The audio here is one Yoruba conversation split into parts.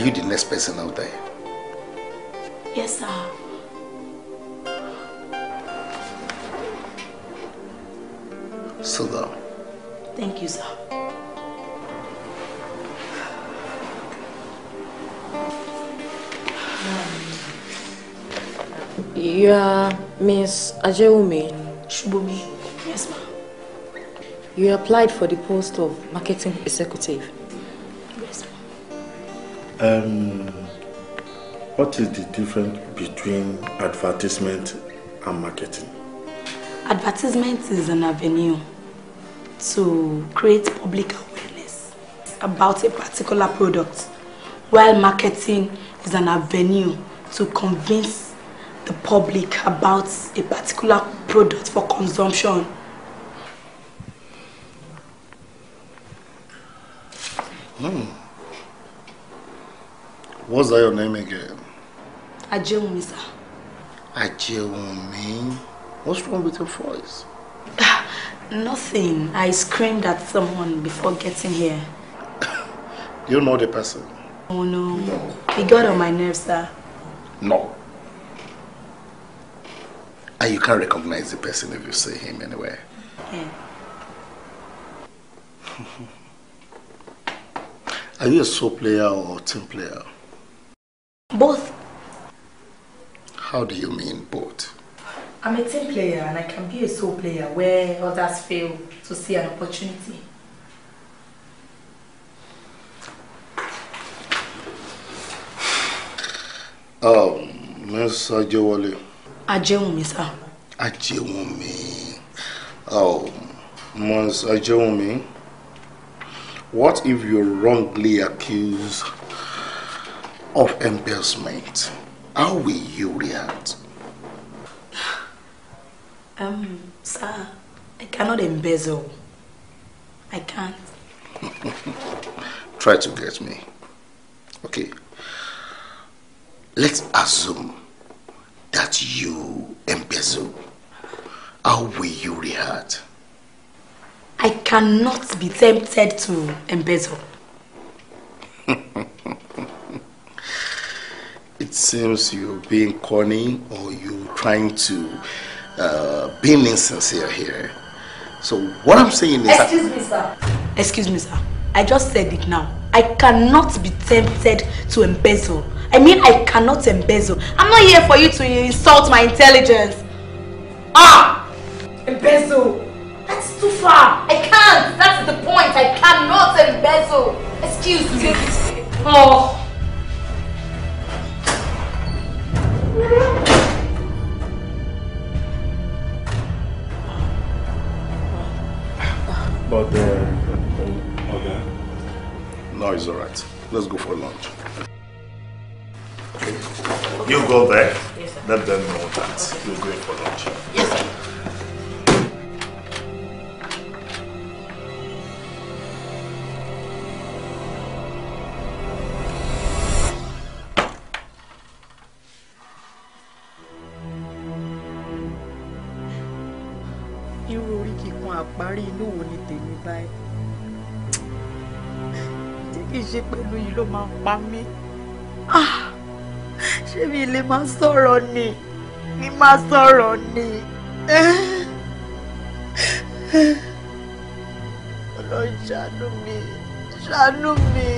Are you the next person out there? Yes, sir. So down. Thank you, sir. You are Miss Ajewumi Shubumi. Yes, ma'am. You applied for the post of marketing executive. Um, what is the difference between advertisement and marketing? Advertisement is an avenue to create public awareness about a particular product, while marketing is an avenue to convince the public about a particular product for consumption. Hmm. What's that your name again? Ajewumi, sir. Ajewumi? What's wrong with your voice? Nothing. I screamed at someone before getting here. you know the person? Oh, no. No. He got on my nerves, sir. No. And ah, you can't recognize the person if you see him anywhere. Yeah. Are you a sole player or team player? Both. How do you mean both? I'm a team player and I can be a sole player where others fail to see an opportunity. Um, Miss Ajewale. Ajewumi, sir. Ajewumi. Oh, Miss Ajewumi. What if you wrongly accused of embarrassment, how will you react? Um, sir, I cannot embezzle. I can't. Try to get me. Okay. Let's assume that you embezzle. How will you react? I cannot be tempted to embezzle. seems you're being corny or you're trying to uh, be insincere here. So what I'm saying is... Excuse me, sir. Excuse me, sir. I just said it now. I cannot be tempted to embezzle. I mean, I cannot embezzle. I'm not here for you to insult my intelligence. Ah! Embezzle! That's too far. I can't. That's the point. I cannot embezzle. Excuse me. Oh. But, uh, okay. No, it's all right. Let's go for lunch. Okay. You go there. Yes, Let them know that okay. you're going for lunch. Yes. báyìí tí kì í ṣe pẹ̀lú yìí ló máa ń pa mí ah! ṣé mi lè máa sọ̀rọ̀ ni mi máa sọ̀rọ̀ ni ọlọ́run ṣàánú mi ṣàánú mi.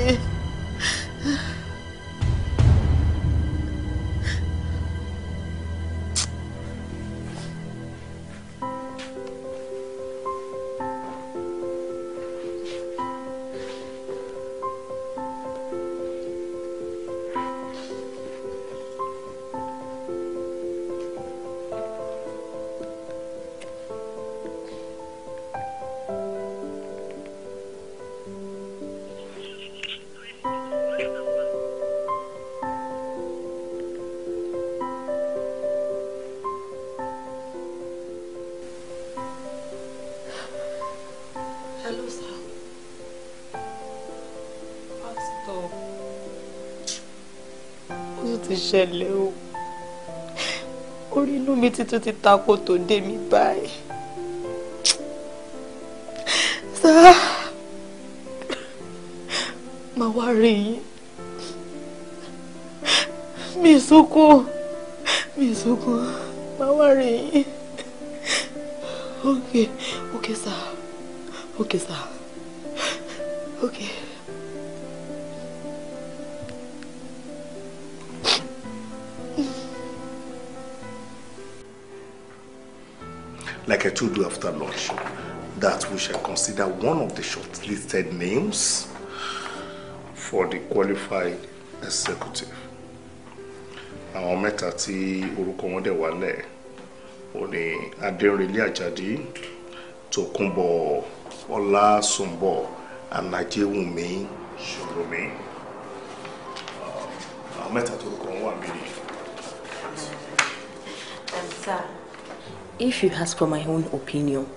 ti ṣẹlẹ̀ o orí inú mi ti tún ti tako tó dé mi báyìí sáà ah. màá wá rí yín mi sunkún mi sunkún màá wá rí yín okay okay sir okay sir okay. Like I told you after lunch, that we shall consider one of the shortlisted names for the qualified executive. Àwọn mẹ́ta tí orúkọ wọn dẹ̀ wálẹ̀ ò ní Adérinlé Àjàdí, Tòkunbọ̀ Ọlásùnbọ̀ Anájẹ́wùmí Ṣòlómi. Àwọn mẹ́ta tó orúkọ wọn wà mí. Ẹ̀ sir if you ask for my own opinion,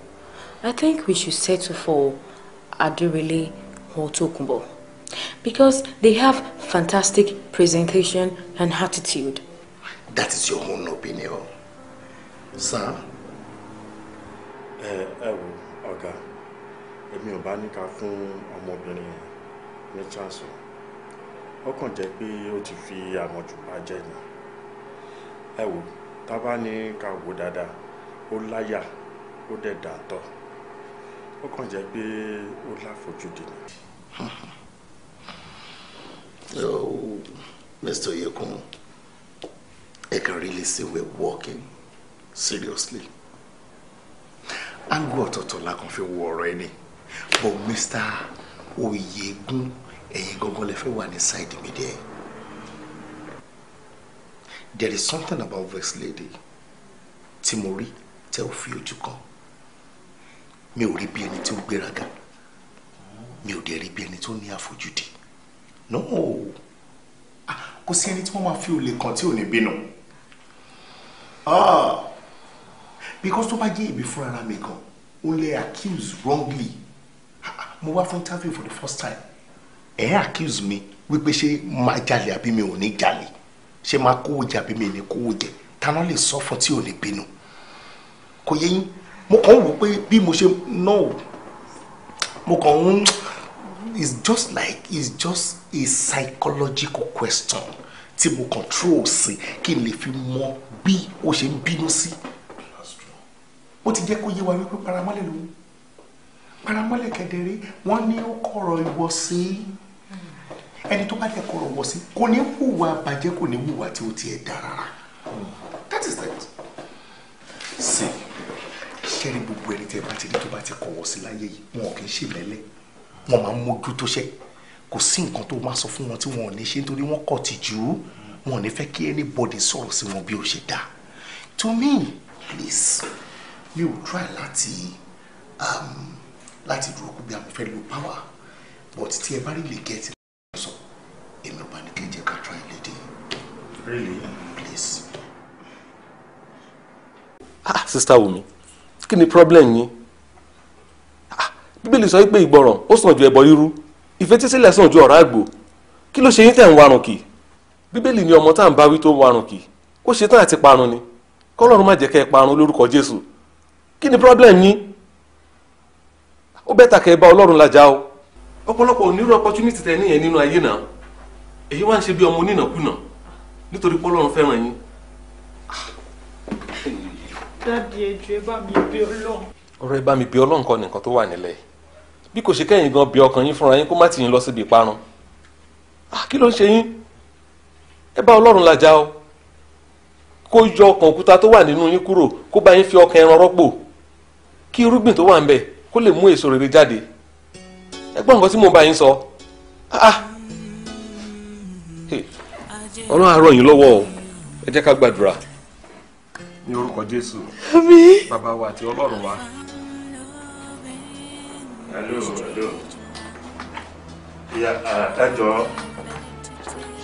I think we should settle for Adurele or Tokumbo because they have fantastic presentation and attitude. That is your own opinion, sir. Eh, ẹ wo ọ̀gá, èmi ò bá ní ká fún ọmọbìnrin chance o. Ó kàn jẹ́ pé ó ti fi àmọ̀jù bá jẹ́ ni. Ẹ wo, tá a bá ní ká ó láyà ó dẹ̀ dàtọ̀ ó kàn jẹ́ pé ó láfojúdi ni. Mr. Yekun, I can really see we're working seriously. Angu ọ̀tọ̀ọ̀tọ̀ la kàn fi wọ ọ̀rọ̀ ẹni. But Mr. Oyegun, ẹ̀yin gangan lè fẹ́ wà ní side mi there. There is something about this lady tí mo rí tẹ́ ò fi ojú kan mi ò rí bí ẹni tí ó gbéraga mi ò dẹ̀ rí bí ẹni tó ní àfojúdi no kò sí ẹni tí wọ́n máa fi olè kan tí ò ní bínú ah. because tó bá jẹ́ ìbí fún ara mi gan ó lè accuse wrongly ah, mo wá fún interview for the first time ẹ̀ ẹ́ accuse me wípé ṣé máa jalè àbí mi ò ní jalè ṣé máa kówó jẹ àbí mi ò ní kówó jẹ táná lè sọ fún tí ò ní bínú kò yé yín mo kàn ń wò pé bí mo ṣe náà wò mo kàn ń it's just like it's just a psychological question tí mo control sí kí n lè fi mọ bí o ṣe ń bínú sí ó ti jẹ́ kó yé wa wípé paramọ́lẹ̀ ló ń paramọ́lẹ̀ kẹ̀dẹ̀rẹ́ wọ́n ní ó kọ̀rọ̀ ìwọ sí ẹni tó bá dẹ̀ kọ̀rọ̀ ìwọ sí kò ní hùwà bàjẹ́ kò ní hùwà tí ó tiẹ̀ dára that is it. See ṣe gbogbo ẹni tẹ́ bá ti rí tó bá ti kọ̀wọ̀ sí láyé yìí wọn kì í ṣe mẹ́lẹ́ wọn máa ń mójú tó ṣẹ́ kò sí nǹkan tó máa sọ fún wọn tí wọn ò ní ṣe nítorí wọn kọ̀ tìjú wọn ò ní fẹ́ kí anybody sọ̀rọ̀ sí wọn bí ó ṣe dáa to me please mi ò try láti um, láti dúró kó bí a mo fẹ́ lo power but tí ẹ bá rí lè get sọ èmi ò bá ní kéjẹ ká try lédè. really please. ah sister, Wumi kí ni problem yín ah, bíbélì sọ pé ìgbọràn ó sàn ju ẹbọ rírú ìfetísílẹ̀ sàn ju ọ̀rá àgbò kí ló ṣe yín tẹ̀ ń warùn kì bíbélì ni ọmọ tá à ń bá wí tó ń warùn kì ó ṣe tán àti parun ni kọ́lọ́run má jẹ́ kẹ́ ẹ parun lórúkọ jésù kí ni problem yín ó bẹ́tà kẹ́ bá ọlọ́run làjà o ọ̀pọ̀lọpọ̀ onírú opportunity tẹ níyẹn nínú ayé náà èyí wá ń ṣe bí ọmọ onínàkúnà nítorí pé fẹ́ràn yín dáàdi ẹjọ́ ẹ bá mi bí Ọlọ́run. ọ̀rọ̀ ẹ bá mi bí Ọlọ́run kọ́ nìkan tó wà nílẹ̀ bí kò ṣe kẹ́yìn gan bí ọkàn yín fúnra yín kó má ti yín lọ síbi ìparun ah, kí ló ń ṣe yín ẹ bá Ọlọ́run làjà o kó yọ ọkàn òkúta tó wà nínú yín kúrò kó bá yín fi ọkàn ẹran rọ́pò kí irúgbìn tó wà ń bẹ̀ kó lè mú èso rere jáde ẹ gbọ́ nǹkan tí mo bá yín sọ ah, ah. Ọlọ́run á yín lọ́wọ́ o ẹ jẹ́ ká gbàdúrà ní orúkọ jésù bàbá wa àti ọlọ́run wa. hello hello ìyá àdájọ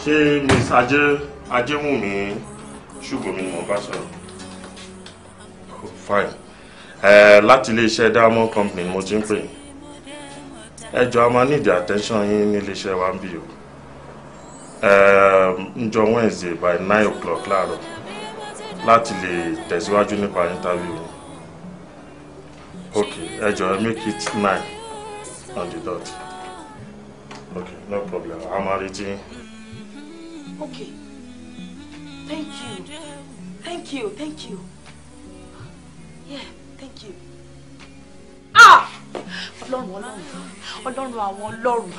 ṣé miss ajé ajéwùmí ṣùgbọ́nmi mo bá sọ̀rọ̀ oh, fine láti iléeṣẹ́ diamond company mo ti ń pè ẹ a máa need attention yín níléeṣẹ́ wa ń bì o ǹjọ́ wednesday by nine o'clock láàárọ̀ láti lè tẹ̀síwájú nípa interview yìí okay ẹ jọ̀ọ́ make it nine on the dot okay no problem a máa retí. okay thank you thank you thank you yeah thank you ah ọlọ́run ọlọ́run ọlọ́run àwọn ọlọ́run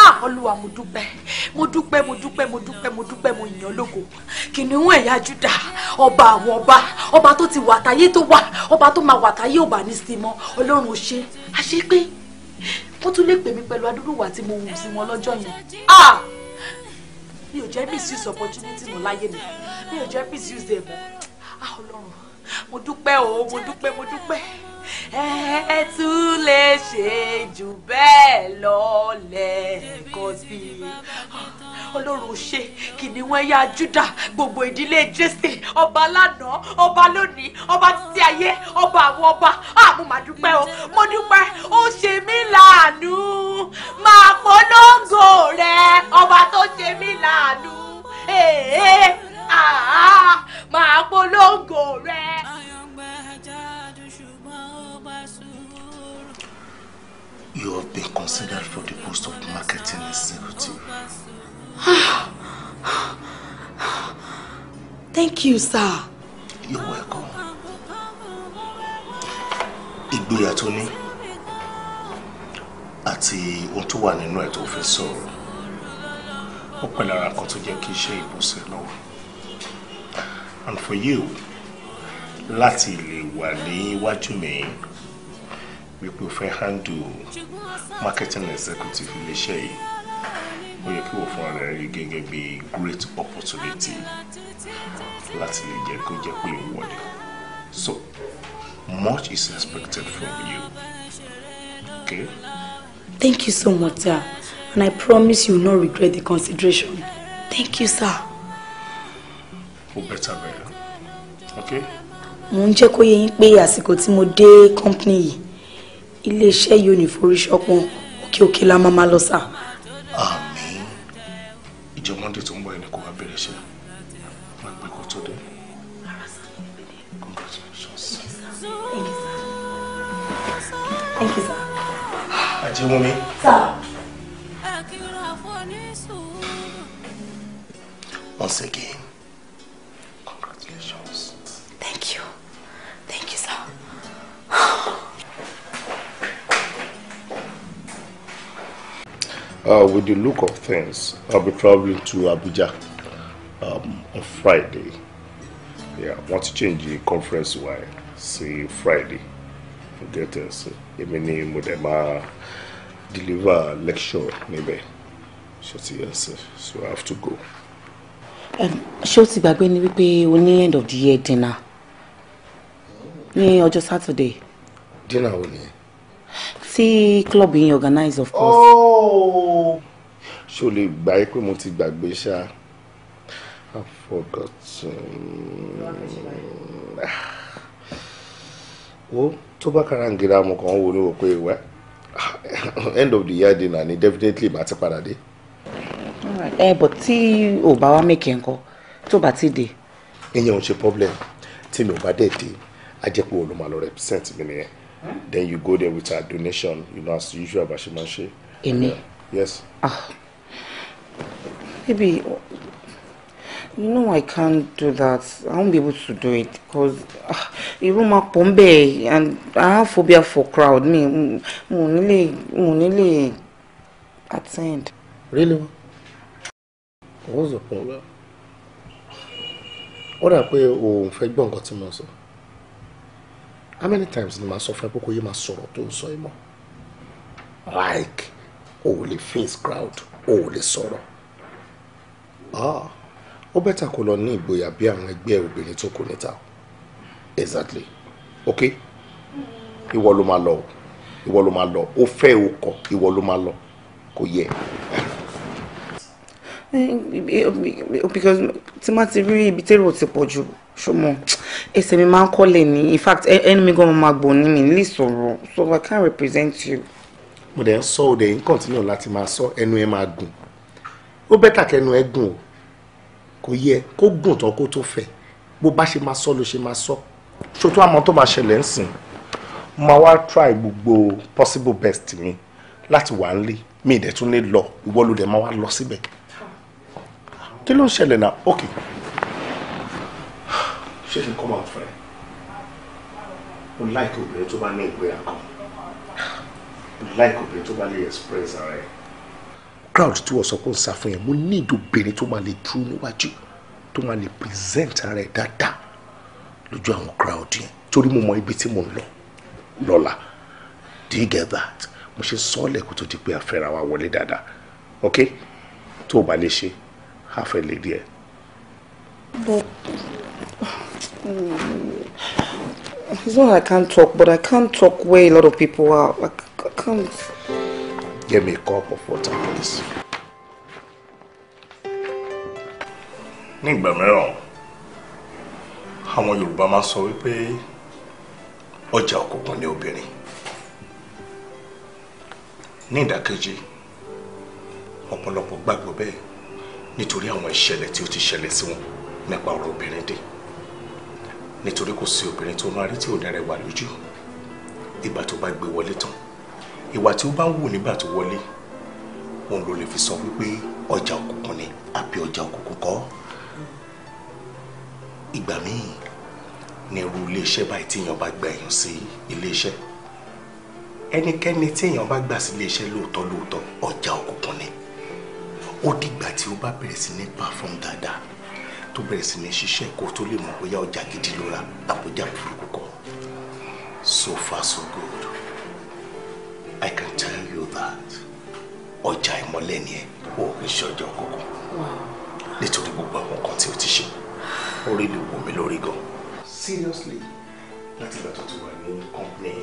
ah olúwa mo dúpẹ́ mo dúpẹ́ mo dúpẹ́ mo dúpẹ́ mo dúpẹ́ mo yìn ọ́ lógo kìnìún ẹ̀yà Júdà ọba àwọn ọba ọba tó ti wà táyé tó wà ọba tó máa wà táyé ò bá ní sí mọ́ ọlọ́run ò ṣe àṣepé wọ́n tún lè pè mí pẹ̀lú adúrúwà tí mo wù sí wọn lọ́jọ́ yẹn ah mi ò jẹ́ misuse opportunity mọ́ láyé mi mi ò jẹ́ misuse ẹ̀ mọ́ ah ọlọ́run mo dúpẹ́ o mo dúpẹ́ mo dúpẹ́ ẹ tún lè ṣe jù bẹ́ẹ̀ lọ lẹ́ẹ̀kan sí i ọlọ́run ṣe kìnìún ẹ̀yà Júdà gbogbo ìdílé Jésè ọba lánàá ọba lónìí ọba títí ayé ọba àwọn ọba àmú mà dúpẹ́ o mo dúpẹ́ ó ṣe mí láàánú máa polongo rẹ ọba tó ṣe mí láàánú èè polongo rẹ. You have been considered for the post of marketing executive. Thank you, sir. You're welcome. Ìgboyà tó ní àti ohun tó wà nínú ẹ̀ tó fi sọ̀rọ̀. Ó pẹ̀ lára nǹkan tó jẹ́ kí iṣẹ́ ìbò ṣe And for you, láti lè wà níwájú mi wípé o fẹ́ handle marketing executive iléeṣẹ́ yìí ó yẹ kí wọ́n fún ara rẹ gẹ́gẹ́ bí great opportunity láti lè jẹ́ kó jẹ́ pé ìwọlé so much is expected from you okay. thank you so much sir and i promise you will not regret the consideration thank you sir. ó bẹ́tà bẹ́ẹ̀ okay. mo ń jẹ́ kó yé yín pé àsìkò tí mo dé company yìí iléeṣẹ́ yìí ò ní forí ṣọpọ́n òkè òkè la máa máa lọ sà. àmín ìjọ monde tó ń bọ̀ ẹni kò wá bẹ̀rẹ̀ iṣẹ́ má gbé kó tó dé. congratulations. thank you sir. mi. sir. Uh, with the look of things, I'll be traveling to Abuja um, on Friday. Yeah, I want to change the conference why See Friday. Forget us. Èmi ni mo deliver lecture Maybe. Ṣé yes. So I have to go. Um, ṣé o ti gbàgbé ni wípé o end of the year dinner ní just Saturday? Dinner only. See club yín organize of course. Oh! ṣó lè gbà yí pé mo ti gbàgbé ṣá i forgot. wo tó bá karangida mo kàn ń wo ni wò pé wẹ́ end of the year dinner ni definitely màá ti padà dé. ẹ eh, bọ̀ tí o bá wá mẹ́kẹ̀ẹ́ ńkọ́ tó bá ti dé. ìyẹn ò ṣe problem tí mi ò bá dẹ̀ dé a jẹ́ pé mi nìyẹn then you go there with a donation you know as usual bá ṣe máa uh, yes. ah maybe. you know i can't do that i won't be able to do it because even ah, máa pọ̀ and i have phobia for crowd Me, mo nílé mo nílé attend. really what's the problem? What happened? pé òun fẹ́ gbọ́ nǹkan tí mo how many times ni màá sọ fún ẹ pé kò yé máa tó ń sọ ẹ mọ́ like o ò lè face crowd o ò lè sọ̀rọ̀ ah ó bẹ́tà kó lọ ní ìgboyà bí àwọn ẹgbẹ́ obìnrin tó kù níta exactly okay ìwọ ló máa lọ ìwọ ló máa lọ ó fẹ́ o kọ̀ ìwọ ló máa lọ kò yẹ. Eh, because tí má ti rí ibi tẹ́rù ti pọ̀ jù ṣùgbọ́n ẹsẹ̀ mi máa ń kọ́lẹ̀ ní in fact ẹnu mi gan ma gbọ̀n ní mi nílé sọ̀rọ̀ so I can't represent you. mo dẹ̀ ń sọ òde yìí continue láti máa sọ ẹnu ẹ máa gùn ó bẹ́tà kẹnu ẹ gùn o kò yẹ kó gùn tán kó tó fẹ̀ bó bá ṣe máa sọ ló ṣe máa sọ ṣòtú àmọ́ tó máa ṣẹlẹ̀ ń sìn máa wá try gbogbo possible best mi láti wà ń lé mi ìdẹ̀tún lè lọ ìwọ ló dẹ̀ máa wá lọ síbẹ̀ kí ló ń ṣẹlẹ̀ náà ok ṣé kí n kọ́ máa fẹ́ mo láìkí obìnrin tó bá ní ìgbéra kan mo láìkí obìnrin tó bá lè express ara ẹ̀. crowd tí wọ́n sọ pé ń sá fún yẹn mo ní ìdòbìnrin tó máa lè dúró níwájú tó máa lè present ara ẹ̀ dáadáa lójú àwọn crowd yẹn torí mo mọ ibi tí mo ń lọ lọ́la do you get that mo ṣe sọ́ọ̀lẹ̀ kó tó di pé a fẹ́ra wa wọlé dáadáa ok tó o bá lè ṣe Half a díẹ̀. but hmm, it's not like I can't talk but I can't talk where a lot of people are like I can't. Give me a cup of water please. nígbà mìíràn àwọn Yorùbá máa sọ wípé ọjà òkùnkùn ni obìnrin ní ìdàkejì ọ̀pọ̀lọpọ̀ gbàgbọ́ be nítorí àwọn ìṣẹ̀lẹ̀ tí ó ti ṣẹlẹ̀ sí wọn nípa ọ̀rọ̀ obìnrin dé nítorí kò sí obìnrin tó máa rí tí ò ní rẹwà lójú ìgbà tó bá gbé wọlé tán ìwà tí ó bá ń wù nígbà tó wọlé òun ló lè fi sọ wípé ọjà òkùnkùn ni àbí ọjà òkùnkùn kọ́ ìgbà míì ní irú iléeṣẹ́ báyìí tí èèyàn bá gba èèyàn sí iléeṣẹ́ ẹnikẹ́ni tí èèyàn bá gbà sí iléeṣẹ́ lóòótọ́ lóòótọ́ ọjà òkùnkùn ni ó dìgbà tí o bá bẹ̀rẹ̀ sí ní perform dáadáa tó bẹ̀rẹ̀ sí ní ṣiṣẹ́ kó tó lè mọ̀ bóyá ọjà gidi ló ra burúkú kọ́ so far so good i can tell you that ọjà ìmọ̀lẹ̀ ni ẹ ò ní ṣọjọ́ kọ̀ọ̀kan nítorí gbogbo àwọn kan tí o ti ṣe orí lè wò mí lórí gan. seriously láti ìgbà tó ti wà ní company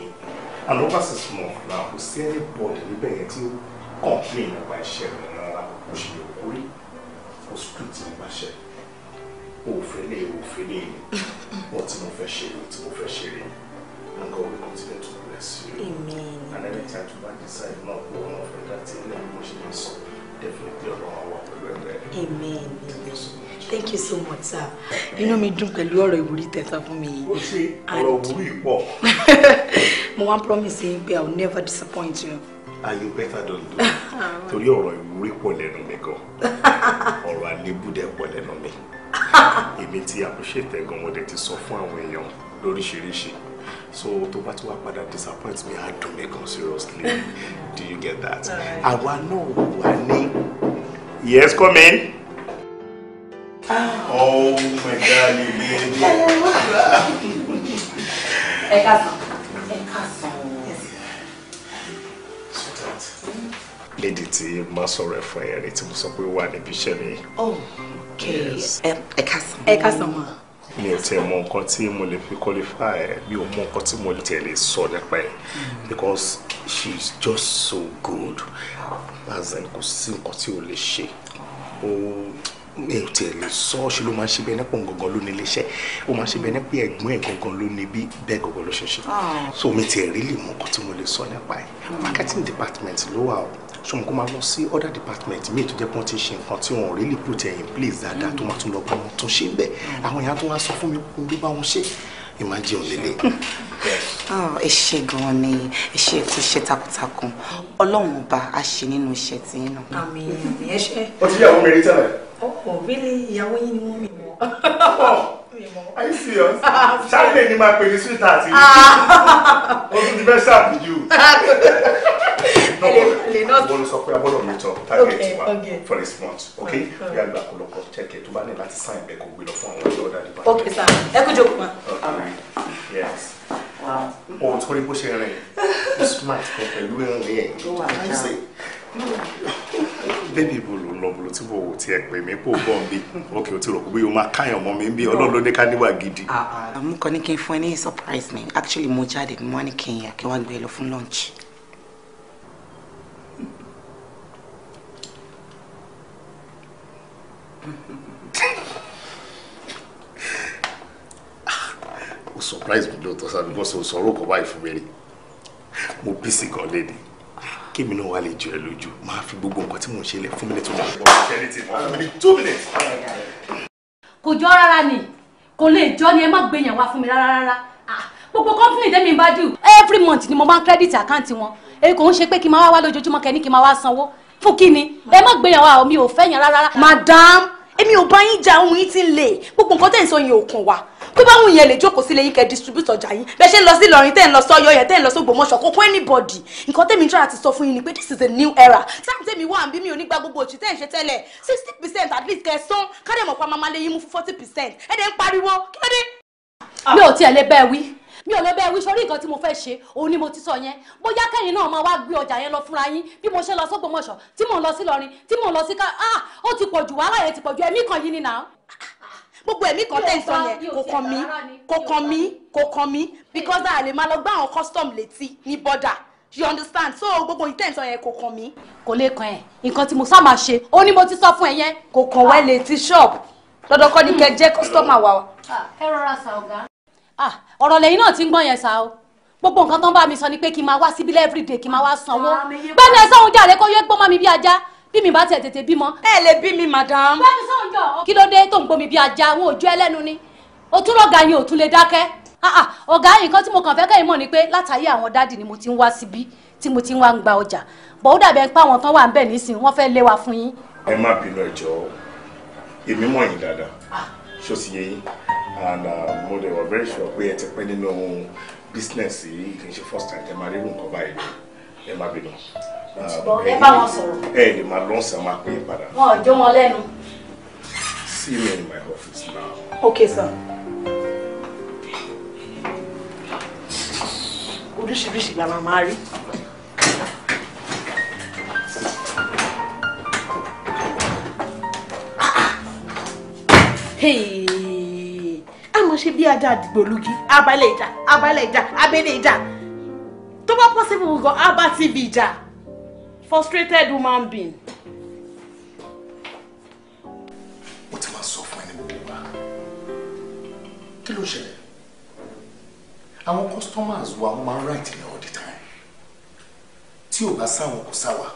and over six months now kò sí anybody níbẹ̀ yẹn tí ó complain nípa iṣẹ́ rẹ̀ bó ṣe lè kórè kó script mo bá ṣe òfin lè òfin lè ní wọ́n tí mo fẹ́ ṣe rè tí mo fẹ́ ṣe rè and God will continue to bless you. Amen. And every time to bá decide náà pé òun ọ̀fẹ́ láti ilé ìmọ̀ ṣe lè sọ definitely ọ̀rọ̀ àwọn pẹ̀lú ẹgbẹ́. Amen. Thank you so much, sir. You Inú mi dùn pẹ̀lú ọ̀rọ̀ ìwúrí tẹ̀sà fún mi yìí. Ó ṣe ọ̀rọ̀ ìwúrí pọ̀. Mo I promise you, I will never disappoint you are ah, you better Don't do ah, torí ọ̀rọ̀ ìwúrí pọ̀ lẹ́nu mi gan ọ̀rọ̀ àlébù dẹ̀ pọ̀ lẹ́nu mi èmi ti appreciate ẹ̀ gan mo dẹ̀ ti sọ fún àwọn èèyàn lóríṣiríṣi so tó bá tún wá padà disappoint me á dùn mí gan seriously do you get that àwa náà wà ní. yes come in. Ah. oh my god you baby. ẹ ká sàn. lady tí máa sọ̀rọ̀ ẹ̀ fún ẹ̀rìn tí mo sọ pé wà níbi iṣẹ́ mi. ẹ kásán ẹ kásán mi ò tiẹ̀ mọ nǹkan tí mo lè fi qualify ẹ̀ mi ò mọ nǹkan tí mo tiẹ̀ lè sọ nípa ẹ̀ hmm. because she is just so good as in kò sí nǹkan tí o lè ṣe o mi ò tiẹ̀ lè sọ ṣe ló máa ń ṣe bẹ́ẹ̀ nípa gangan ló ní iléeṣẹ́ ó máa ń ṣe bẹ́ẹ̀ nípa ẹ̀gbọ́n ẹ̀ gangan ló ní bí bẹ́ẹ̀ gangan ló ṣe ṣe oh. so mi tiẹ̀ rí lè mọ nǹkan tí mo lè sọ nípa ẹ̀ hmm. marketing department ló wà o sọmọ kó máa lọ sí other department míì tó jẹ́ pé wọ́n ti ṣe nǹkan tí wọ́n really put in place dáadáa tó máa tún lọ bá wọn tún ṣe bẹ́ẹ̀ àwọn èèyàn tó wá sọ fún mi kó ló bá wọn ṣe imagine òlélẹ̀. Ah, ẹ ṣe gan-an ni ẹ ṣe ètò iṣẹ́ takuntakun ọlọ́run ọba á ṣe nínú iṣẹ́ tí ń nà. àmì àmì ṣe. ó ti yàwó mi rí tẹ́lẹ̀. ọkọ̀ oh, bí ìyàwó yín ni mú mi mọ́. Oh, are you serious? Ṣáàlì ni máa pè ní sweetheart yìí. Ah. O tún ti fẹ́ ṣàpèjú. Bọ́lú sọ pé abọ́dọ̀ mi tán target wa for this month, ok? Bí àgbà kò lọ́kọ̀ jẹ́kẹ̀ tó bá ní láti sign bẹ́ẹ̀ kò gbé lọ fún àwọn ọ̀dọ́ ọ̀dà nípa. Ok sir, ẹ kú jókòó ma. Yes o torí bó ṣe rìn o smart kan i say bébì bolo lọ́bùlọ́ tí mo wò tiẹ̀ pè mí kó bọ̀ bí òkè o ti rò pé o máa káyàn mọ́ mi bí ọlọ́run ló dé ká níwà gidi. mo kàn ní kí n fún ẹ ní surprise ni actually mo jáde mo wá ní kí n yà kí n wá gbé e lọ fún lunch. Mm-hmm. o surprise mi lóòótọ́ sábẹ́ because o sọ̀rọ̀ kọ̀ báyìí fún mi mo bí sí gan léde kémi náà wà lè jọ ẹ lójú máa fi gbogbo nǹkan tí mò ń ṣe lẹ fún mi lẹ́tọ́ náà. kò jọ rárá ni kò lè jọ ni ẹ má gbé wá fún mi rárá rárá ah, gbogbo company tẹ́mi bá dùn every month ni mo máa ń credit àkáǹtì wọn èyí kò ń ṣe pé kí n máa wá wá lójoojúmọ́ kẹ́ni kí n máa wá sanwó fún kí ni ẹ má gbé wá mi ò fẹ́ yẹn rárá. madam èmi ò bá yín jà ohun yín ti ń le gbogbo nǹkan tẹ̀ ń sọ yẹn ò kàn wá pé báwọn yẹn lè jókòó sílé yín kẹ́ distribute ọjà yín bẹ́ẹ̀ ṣe ń lọ sí Ìlọrin tẹ́ ń lọ sọ́yọ́ yẹn tẹ́ ń lọ sógbòmọ̀ṣọ́ kókó anybody nǹkan tẹ̀mí ń try àti sọ fún yín ni pé this is a new era time tẹ̀mí wà bí mi ò ní gba gbogbo òtí tẹ́ ń ṣe tẹ́lẹ̀ sixty percent at least kẹsàn-án kádẹ́mọ̀pá máa máa lé yín mú fún forty percent ẹ̀ẹ́dẹ̀ ń pariwo kí ló dé. mi ò tiẹ̀ lè bẹ́ẹ̀ wí mi ò lọ bẹ́ẹ̀ wí sórí nǹkan tí mo fẹ́ ṣe òun ni mo ti sọ yẹn bóyá kẹ́yìn náà máa wá gbé ọjà yẹn lọ fúnra yín bí mo ṣe lọ sógbómọ̀ṣọ́ tí mò ń lọ sí lọrin tí mò ń lọ sí ká ah ó ti pọ̀jù wàhálà yẹn ti pọ̀jù ẹ̀mí kan yìí ni náà gbogbo ẹ̀mí kan tẹ̀ ń sọ yẹn kò kàn mí kò kàn mí kò kàn mí because a lè máa lọ gbá àwọn custom létí ní border you understand so gbogbo ìtẹ̀ ń sọ yẹn kò kàn mí. kò lè kàn ẹ́ nǹkan tí mo sá máa ṣe ó ní mo ti sọ fún ẹ yẹn kò kàn wẹ́ létí shop lọ́dọ̀ kọ́ ni kẹ́ jẹ́ customer wa. Ah, ẹ rọra sa ọ̀gá. Ah, ọ̀rọ̀ lẹ́yìn náà ti ń gbọ́n yẹn sá o gbogbo nǹkan tó ń bá mi sọ ni pé kí n máa wá síbí everyday kí n máa wá sanwó bẹ́ẹ̀ ni ẹ sọ́hun jàre kó yẹ gbọ́n mọ́ mi bí ajá bí mi bá tiẹ̀ tètè bímọ. ẹ lè bí mi madam. bẹ́ẹ̀ ni sọ́hun jọ. kí ló dé tó ń gbọ́ mi bí ajá wọn ò jó ẹlẹ́nu ni o tún lọ́gàá yín o tún lè dákẹ́ ah, ah, ọ̀gá nǹkan tí mo kàn fẹ́ kẹ́yìn mọ̀ ni pé látàyé àwọn dáàdì ni mo ti ń wá síbí tí mo ti ń wá ń gba ọjà bọ̀ ó dàbẹ̀ pé àwọn tán wà ń bẹ̀ nísìn wọ́n fẹ́ lé yín and uh, mo dẹ̀ wà very sure pé ẹ ti pẹ́ nínú business yìí kì í first time ẹ máa rí nǹkan báyìí ẹ má bínú. ẹ uh, bá wọn sọ̀rọ̀. ẹ lè máa lọ́sàn-án máa pè é padà. wọn ò jó wọn lẹ́nu. See me in my office now. Okay, sir. Oríṣiríṣi la máa rí. Hey mo ṣe bí ajá àdìgbòlugi abalẹ̀ ìjà abalẹ̀ ìjà abẹ́lẹ̀ ìjà tó bá possible we go abba tv ìjà frustrated woman being. mo ti máa sọ fún ẹni gbogbo wa kí ló ṣẹlẹ̀ àwọn customers wa máa ń right ní all the time tí ò bá sáwọn kò sáwà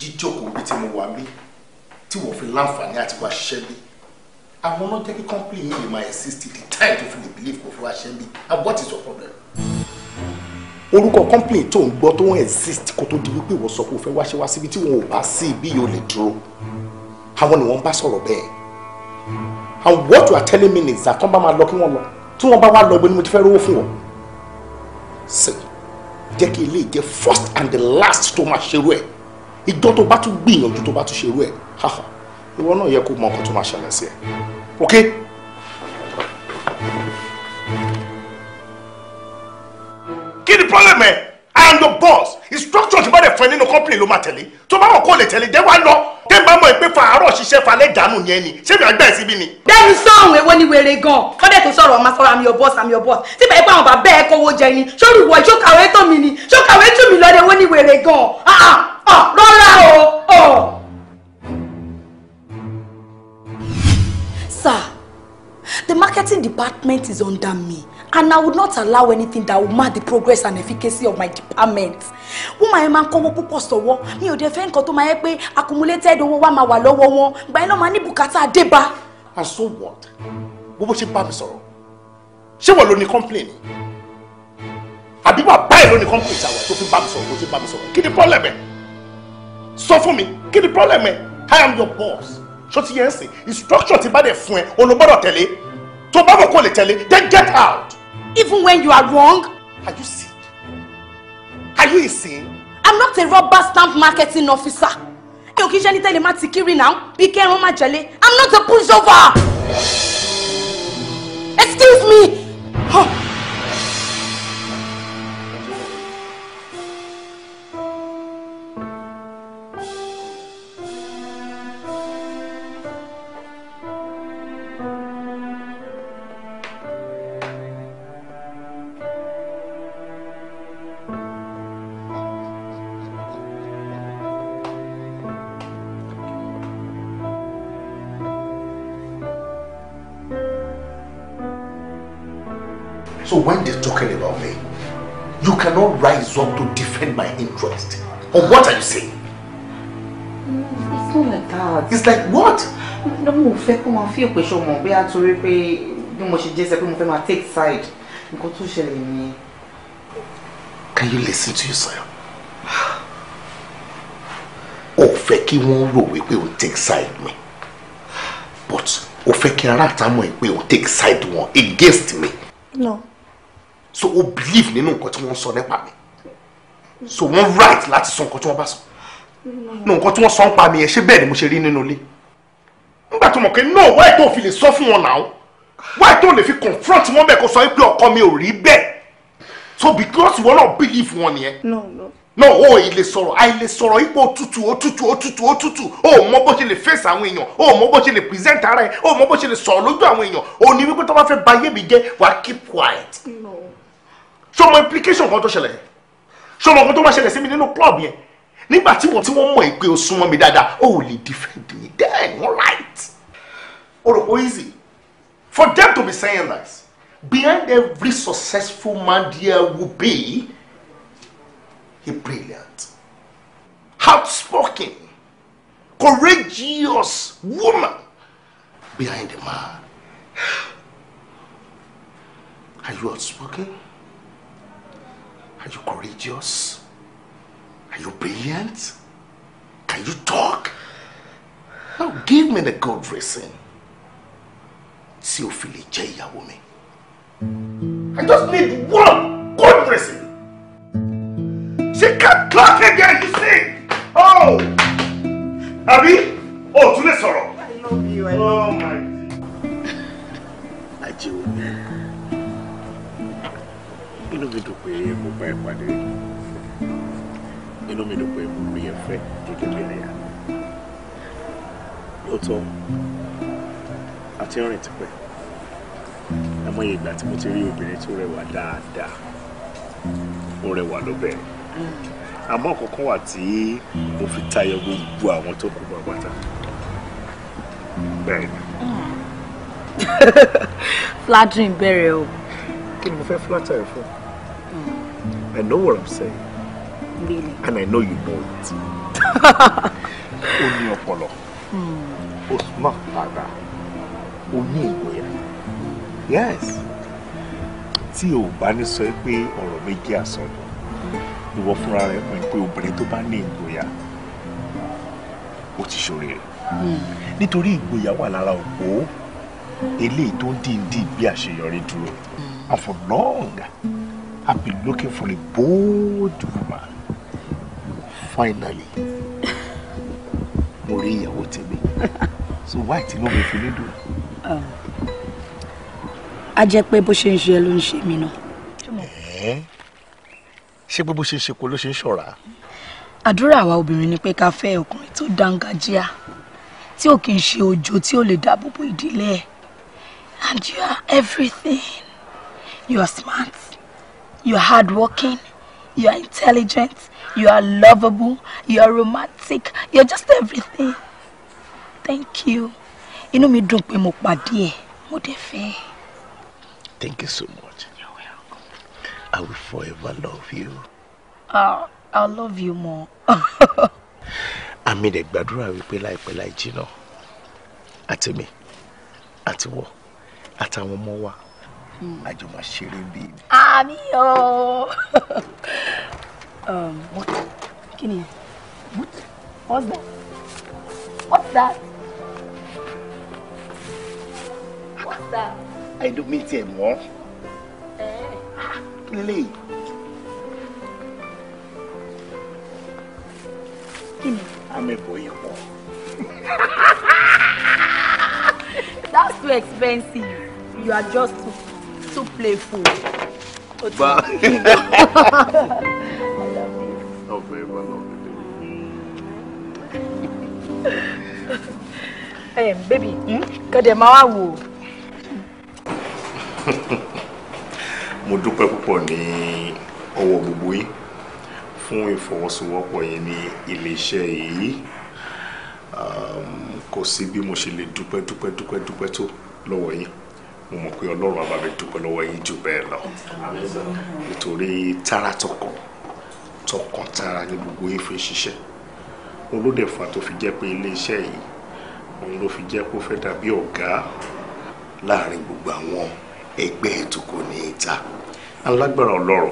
jíjókòó bí tí mo wà mí tí wọ́n fi láǹfààní àti wá ṣiṣẹ́ bíi àwọn náà jẹ́ kí company yìí lè máa exist the time tó fi lè believe kò fi and what is your problem? orúkọ company tó ń But tó ń exist kó tó di wípé ìwọ̀n sọ pé o fẹ́ wá ṣe wá síbi tí wọn ò bá sí ibi yóò lè dúró àwọn ni and what you are telling me is that tí wọ́n bá máa lọ kí wọ́n lọ tí wọ́n bá wá mo ti fẹ́ rówó fún wọn. sè jẹ́ kí ilé jẹ́ first and the last tó máa ṣerú ẹ̀ ìjọ tó bá tún gbìyànjú tó bá tún ṣerú ẹ̀ haha ìwọ náà yẹ kó mọ nǹkan tó máa ṣẹlẹ̀ sí ẹ̀ okay. kí ni problem ẹ i am the boss instruction ti bá dẹ̀ fún ẹ nínú company ló máa tẹ̀lé tó bá mọ̀ kó lè tẹ̀lé jẹ́ wá lọ tẹ́ bá mọ̀ pé fa àárọ̀ ṣiṣẹ́ falẹ̀ dànù yẹn ni ṣé mi àgbà ẹ̀ síbi ni. bẹ́ẹ̀ni sọ̀hún èwo ni wèrè gan-an kọ́dẹ̀ tó sọ̀rọ̀ ọmọ sọ̀rọ̀ I'm your boss I'm your boss tí bẹ́ẹ̀ pé àwọn bàbá ẹ̀ kówó jẹ ni sórí ìwọ ìṣókàwé tó mi ni ṣókàwé tù mí lọ́dẹ̀ èwo ni wèrè gan-an ah, ah, ah, rọ́lá o. Sir, the marketing department is under me and I would not allow anything that would mar the progress and efficacy of my department. Uma máa ń máa ń kọ́wọ́ púpọ̀ sọ́wọ́ mi ò dé fẹ́ nǹkan tó máa yẹ pé accumulated owó wa máa wà lọ́wọ́ wọn gbà iná máa ní bùkátà débá. And so what? Gbogbo ṣe bá mi sọ̀rọ̀. Ṣé wọ́n ló ní complain? Àbí bàbá ẹ̀ ló ní complain ṣàwọ̀ tó fi bá mi sọ̀rọ̀ tó fi bá mi sọ̀rọ̀. Kí problem ẹ̀? Sọ fún mi, kí problem ẹ̀? I am your boss ṣó ti yẹn ń sìn instruction ti bá dẹ̀ fún ẹ olùgbọ́dọ̀ tẹ̀lé tó bá bọ̀ kó lè tẹ̀lé then get out. even when you are wrong. are you sick are you insane. i'm not a rubber stamp marketing officer mi ò kí ṣe ní tẹ́lẹ̀ má ti kiri náà bí kẹrin má jẹ́lé i'm not a pushover excuse me. Huh. depressed? Or what are you saying? it's not like that. It's like what? No, mo fẹ́ kó máa fi òpè ṣọmọ bí a torí pé bí mo ṣe jẹ́ sẹ́ pé mo fẹ́ máa take side nǹkan tó ṣẹlẹ̀ nìyẹn. Can you listen to yourself? O fẹ́ kí wọ́n We wípé o take side me. but o fẹ́ kí ara àtàmọ̀ ẹ̀ pé o take side wọn against me. No. So o believe nínú nǹkan tí wọ́n sọ nípa mi so wọ́n right láti sọ nǹkan tí wọ́n bá sọ ní nǹkan tí wọ́n sọ ń pa mi yẹn ṣé bẹ́ẹ̀ ni mo ṣe rí nínú ilé nígbà tó mọ̀ pé no why tó fi lè sọ fún wọn náà why tó lè fi confront wọn bẹ́ẹ̀ kó sọ pé ọkọ mi ò rí bẹ́ẹ̀ so because wọn náà believe wọn nìyẹn. no no No, ó ilé sọ̀rọ̀ àìlè sọ̀rọ̀ ipò òtútù òtútù òtútù òtútù ó mọ bó ṣe lè fèsì àwọn èèyàn ó mọ bó ṣe lè present ara ẹ ó mọ bó ṣe lè sọ̀rọ̀ lójú àwọn èèyàn ó ní wípé tó bá fẹ́ ba ayé mi jẹ́ wà keep quiet. ṣọmọ implication kan tó ṣẹlẹ̀ yẹn ṣé ọmọ kan tó máa ṣẹlẹ̀ sí mi nínú club yẹn nígbà tí wọ́n tí wọ́n mọ̀ pé o súnmọ́ mi dáadáa o ò lè defend me then all right o rò ó easy for them to be saying that behind every successful man there will be a brilliant outspoken courageous woman behind the man are you outspoken. Are you courageous? Are you brilliant? Can you talk? Now give me the good reason. See o fi lè jẹ́ ìyàwó mi. I just need one good reason. She can talk again, you see? Oh! Abby. Oh, tún lè sọ̀rọ̀. I love you, I love you. Oh my. I do inú mi dùn pé mo bá ẹ pàdé inú mi dùn pé mo rí ẹ fẹ́ gẹ́gẹ́ bí aya lóòótọ́ àti rìn tipẹ́ àmọye ìgbà tí mo ti rí obìnrin tó rẹwà dáadáa ó rẹwà ló bẹ̀rẹ̀ àmọ́ kọ̀ọ̀kan wà tí mo fi tayọ gbogbo àwọn tó kù pàápàá bẹ́ẹ̀ ni. Hmm. flattering bẹ̀rẹ̀ o. kí ni mo fẹ́ flatter fún. I know what I'm saying. Really? And I know you know it. Ó ní ọpọlọ. Hmm. Ó smart padà. Yes. Tí o bá ní sọ pé ọ̀rọ̀ méjì àsọdùn, ìwọ fúnra rẹ̀ mọ̀ pé obìnrin tó bá ní ìgboyà, ó ti ṣoríire. Hmm. Nítorí ìgboyà wà lára òpó eléyìí tó ń dìndín bí àṣeyọrí dúró. Hmm. And for long. I've been looking for a bold woman. Finally, mo rí ìyàwó tèmi. So why tí náà mo fi ní dùn? Um, a jẹ́ pé bó ṣe ń ṣe ẹ ló ń ṣe mí náà. Ṣé pé bó ṣe ń ṣe kó ló ṣe ń ṣọ̀rá? Àdúrà àwa obìnrin ni pé ká fẹ́ ọkùnrin tó dángájíá tí ò kì í ṣe òjò tí ò lè dáàbò bo ìdílé And you are everything. You are smart you are hardworking you are intelligent you are lovable you are romantic you are just everything thank you inú mi dùn pé mo pàdé ẹ mo dẹ̀ fẹ́. thank you so much you're welcome i will forever love you. Uh, i love you more. àmì rẹ̀ gbàdúrà wípé láìpẹ́ láì jìnnà àtẹ̀mí àtiwọ́ àtàwọn ọmọ wa àjọ mm. máa ṣeré bí. àmì o. Um, what kí ni what what's that what's that what's that. àìdó mi tiẹ̀ mọ́ kí lélẹ́yìí. kí ni. àmì ìbòyìn pọ̀. That's too expensive. You are just too So playful. Bá ọ̀fẹ́ bá lọ nílé. Bébì, Mudupe máa wá wò. Mo dúpẹ́ púpọ̀ ní ọwọ́ gbogbo yín fún ìfọwọ́sowọ́pọ̀ yẹn ní iléeṣẹ́ yìí mo ṣe lè dúpẹ́ dúpẹ́ dúpẹ́ dúpẹ́ tó lọ́wọ́ yín mo mọ̀ pé ọlọ́run á bá mi dúpẹ́ lọ́wọ́ yín jù bẹ́ẹ̀ lọ nítorí tára tọkàn tọkàn tára ní gbogbo yín fi ṣiṣẹ́ olóde fa tó fi jẹ́ pé iléeṣẹ́ yìí òun ló fi jẹ́ kó fẹ́ dàbí ọ̀gá láàrin gbogbo àwọn ẹgbẹ́ ìtòkò ní ìta alágbára ọlọ́run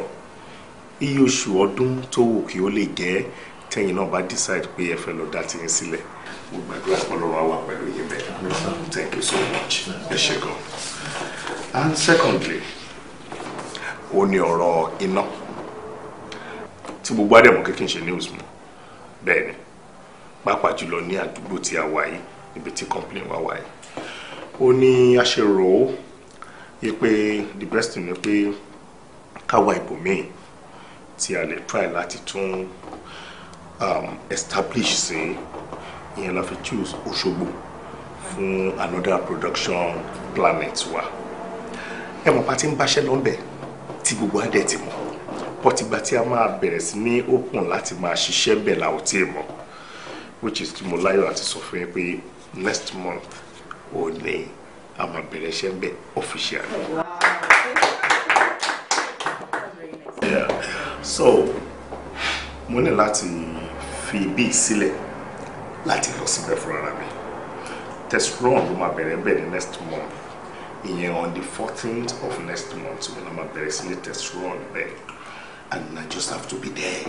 iye oṣù ọdún tó wù kí ó lè jẹ́ tẹ́yìn náà bá decide pé ẹ fẹ́ lọ dá tiyín sílẹ̀ mo gbàdúrà ọlọ́run á wà pẹ̀lú bẹ́ẹ̀ thank you so much ẹ ṣé gan and secondly ó ní ọ̀rọ̀ iná tí gbogbo àdèmọ̀ kékeré ṣe news mu bẹ́ẹ̀ ni pàápàá jùlọ ní àdúgbò tí a wà yìí níbi tí company wa wà yìí ó ní aṣèrò yìí pé the best thing ni pé káwa ibòmíì tí a lè try láti tún um, establish sí ìyẹn la fi choose Òṣogbo fún another production planet wa. Wow ẹ pa ti ń báṣẹ́ lọ́nbẹ̀ tí gbogbo adẹ̀ ti mọ̀ pọ̀tìgbà tí a máa bẹ̀rẹ̀ sí ní open láti máa ṣiṣẹ́ bẹ̀ la ò tí ì mọ̀ which is mo láyọ̀ àti sọ fún yín pé next month ò ní a máa bẹ̀rẹ̀ iṣẹ́ bẹ̀ official. Yeah. so mo ní láti fi bíi sílẹ̀ láti lọ síbẹ̀ fúnra mi test run ló máa bẹ̀rẹ̀ bẹ̀ ní next month ìyẹn on the fourteenth of next month wọn náà máa bẹ̀rẹ̀ sí run there, and I just have to be there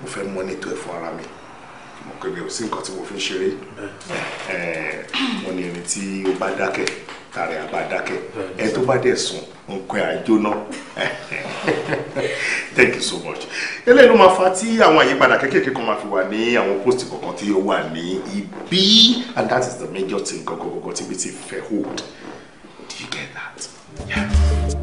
mo fẹ́ mọ́nítọ̀ ẹ̀ fún ara mi mo kọ́ ibẹ̀ ò sí nǹkan tí mo fi ń ṣeré eh, wọ́n ní ẹni tí ó bá dákẹ́ tààrẹ àbá dákẹ́ ẹ tó bá dẹ̀ thank you so much eléyìí ló máa fa tí àwọn àyípadà kéékèèké kan máa fi wà ní àwọn post kọ̀ọ̀kan tí ó wà and that is the major thing gangan gangan tí bí ti fẹ́ hold. you get that. Yeah.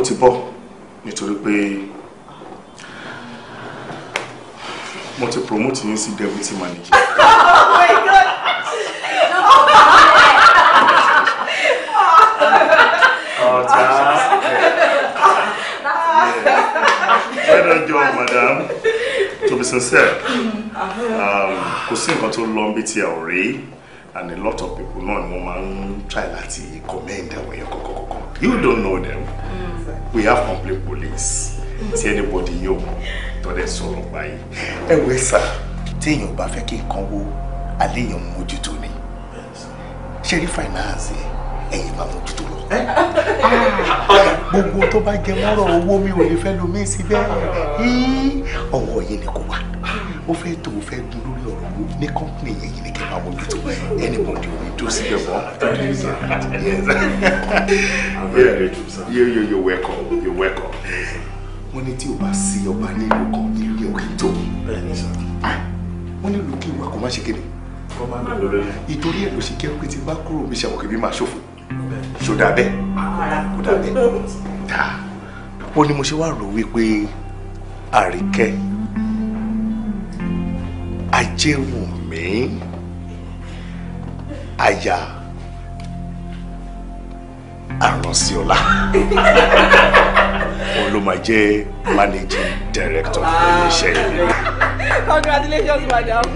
ó ti bọ́ nítorí pé mo ti promote yín sí deputy manager. oh my god. ọ̀tá fẹ́rẹ̀ jọ madam to be sincere um, kò sí nǹkan tó lọ bí ti ẹ̀ ò and a lot of people náà ni wọ́n máa ń try láti commend àwọn èèyàn kọ̀kọ̀kọ̀kọ̀ you don't know them. Mm we have complete police tí anybody yóò mọ̀ tọ́lẹ̀ sọ̀rọ̀ báyìí ẹ wẹ́ sà téèyàn bá fẹ́ kí nǹkan wo àléèyàn mójútó ni ṣe rí finance ẹ̀yìn bá mójútó lọ. Ah, gbogbo tó bá jẹ mọ́rọ̀ owó mi ò lè fẹ́ lomi síbẹ̀ ọ̀wọ́ yẹn ni kò wà ó fẹ́ tó o fẹ́ dun lórí ọ̀rọ̀ wo ní kọ́ńpìnì yẹn yìí ní kẹ́ máa mójútó anybody ò ní tó síbẹ̀ mọ́. yóò yóò yóò wẹ́kọ̀ yóò wẹ́kọ̀ wọ́n ní tí o bá sí ọba nílùú kan nílùú yẹn ò kì í tó ah, wọ́n nílùú kí ìwà kó má ṣe kéde ìtorí ẹ̀ ló ṣe kẹ́rù pé tí n bá kúrò mi ṣàwọ̀ kébí máa ṣòfò ṣòdà bẹ́ẹ̀ kò dà bẹ́ẹ̀ dáa ó ní mo ṣe wá rò wípé àríkẹ́ ajéwùmí aya àránṣíọlá òun ló máa jẹ́ managing director ah. fún iléeṣẹ́ yìí. congratulations madam.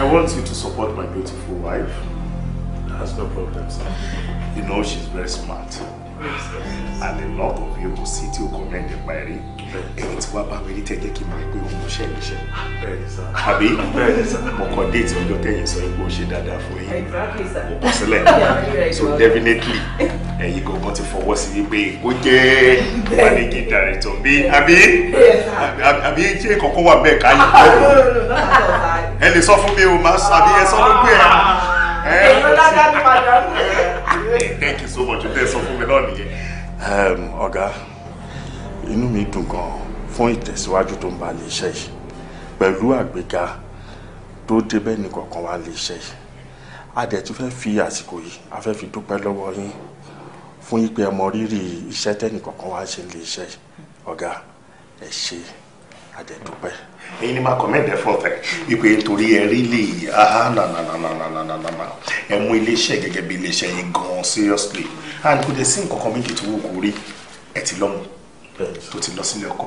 I want you to support my beautiful wife. That's no problem, sir. You know she's very smart. And a lot of people see you commended by her ẹ̀yìn tí wàá bá mi rí tẹ̀lé kí n máa pé òun ṣẹ́ mi ṣẹ́. Ah, àbí mọ̀kọ́ déètì ọjọ́ tẹ̀yìn sọ pé ó ṣe dáadáa fún yín mo bọ́ sílẹ̀ so definitely ẹ̀yin gbọ́ngàn ti fọwọ́ sí wípé ó jẹ́ managing director bí àbí àbí ṣé kọ̀ọ̀kan wà bẹ́ẹ̀ ká yìí kọ́ ẹ lè sọ fún mi o máa sàbí ẹ sọ fún pé ẹ. Ah. èyí ló dáadáa ní padà. thank you so much o tẹ́ sọ fún mi náà nìyẹn. Um, ọ̀gá. Um, inú mi dùn gan fún ìtẹ̀síwájú tó ń ba lè ṣe yìí pẹ̀lú àgbéga tó débẹ̀ ní kọ̀ọ̀kan wá lè ṣe yìí a dẹ̀ tún fẹ́ fi àsìkò yìí a fẹ́ fi dúpẹ́ lọ́wọ́ yín fún yín pé ẹ mọ rírì iṣẹ́ tẹ́nì kọ̀ọ̀kan wá ṣe lè ṣe yìí ọ̀gá ẹ ṣe a dẹ̀ dúpẹ́. èyí ni máa kọ̀mẹ́ẹ̀dẹ́ fún ọ̀fẹ́ wípé nítorí ẹ rí lè ẹ mú iléeṣẹ́ gẹ́gẹ́ bí iléeṣẹ́ yín gan-an seriously and kò dẹ̀ sí nǹkan kan méjì tó wù kó rí ẹ ti lọ́mọ tó ti lọ sílé ọkọ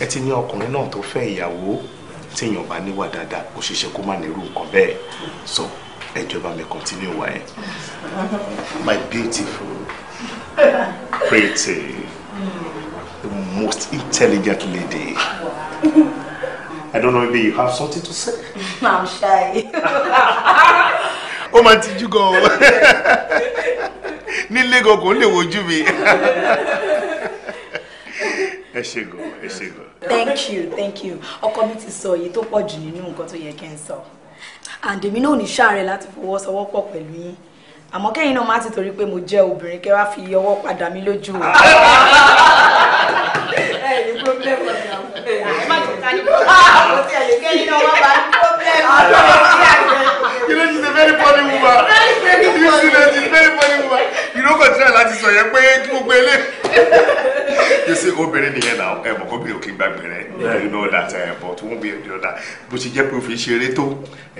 ẹ ti ní ọkùnrin náà tó fẹ́ ìyàwó téèyàn bá níwà dáadáa kò ṣeéṣe kó má nírú nǹkan bẹ́ẹ̀ so ẹ mi continue wà yẹn my beautiful pretty the most intelligent lady. I don't know, if you have something to say. I'm shy. Ó máa tijú gan-an. Nílé gan kò lè wojú mi. ẹ ṣe gan ẹ ṣe gan. thank you thank you ọkọ mi ti sọ èyí tó pọ̀ jù nínú nǹkan tó yẹ kí n sọ àǹdèmí náà ní ṣàárẹ̀ láti fọwọ́sowọ́pọ̀ pẹ̀lú yín àmọ́ kẹ́yìn náà má ti torí pé mo jẹ́ obìnrin kẹ́ wá fi ọwọ́ padà mí lójú ẹ ní pọ́blẹ́mù ọ̀gá ẹ má jẹ́ ká ní pọ́blẹ́mù ọ̀gá kẹ́yìn náà wá bá ní pọ́blẹ́mù ọ̀gá. you know she's a very funny woman you see that she's a very funny woman lókàn tí àlá ti sọ yẹn pé kí gbogbo ilé. yóò ṣe obìnrin nìyẹn náà ẹ mọ̀ kọ́bìnrin òkè gbàgbé you know that ẹ̀ bọ̀ tó ń bí ẹ̀ dọ̀dà bó ṣe jẹ́ pé o fi ṣeré tó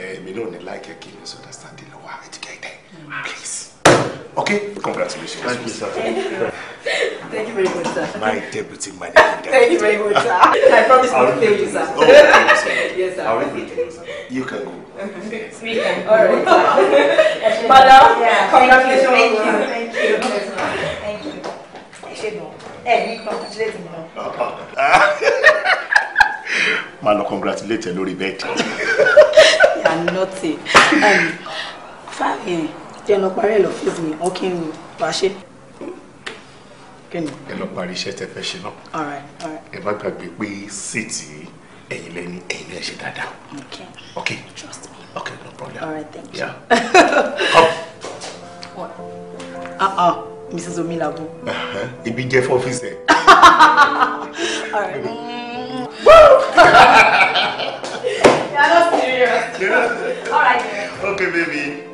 ẹ̀mí eh, náà ní láìkẹ́ kí misunderstanding lọ wá ti kẹ́ please. Okay? Congratulations. Thank you, sir. Thank you very much, sir. My deputy manager. Thank you very much, sir. I promise not to fail you, sir. Oh, okay, yes, sir. I'll okay. You can go. We can. All right, sir. Madam, yeah. congratulations. Thank you. Thank you. Thank you. Thank you. Thank you congratulate me now. ma congratulate lórí bẹ́ẹ̀dì. you are naughty. Um, fine jẹ́ lọ parí ẹ̀ lọ́fíìsì mi wọ́n kí n wá ṣe. ẹ lọ parí iṣẹ́ tẹ́ ṣe náà ẹ má gbàgbé pé síìtì ẹ̀yin lẹ́ni ẹ̀yin lẹ́ ṣe dáadáa ok trust me ok no problem all right thank you yeah. come. What? Uh -uh. Mrs. Omilagun. Uh-huh. Ibi jẹ́ fọ́fíìsì ẹ̀. You're not serious. All right. Okay, baby.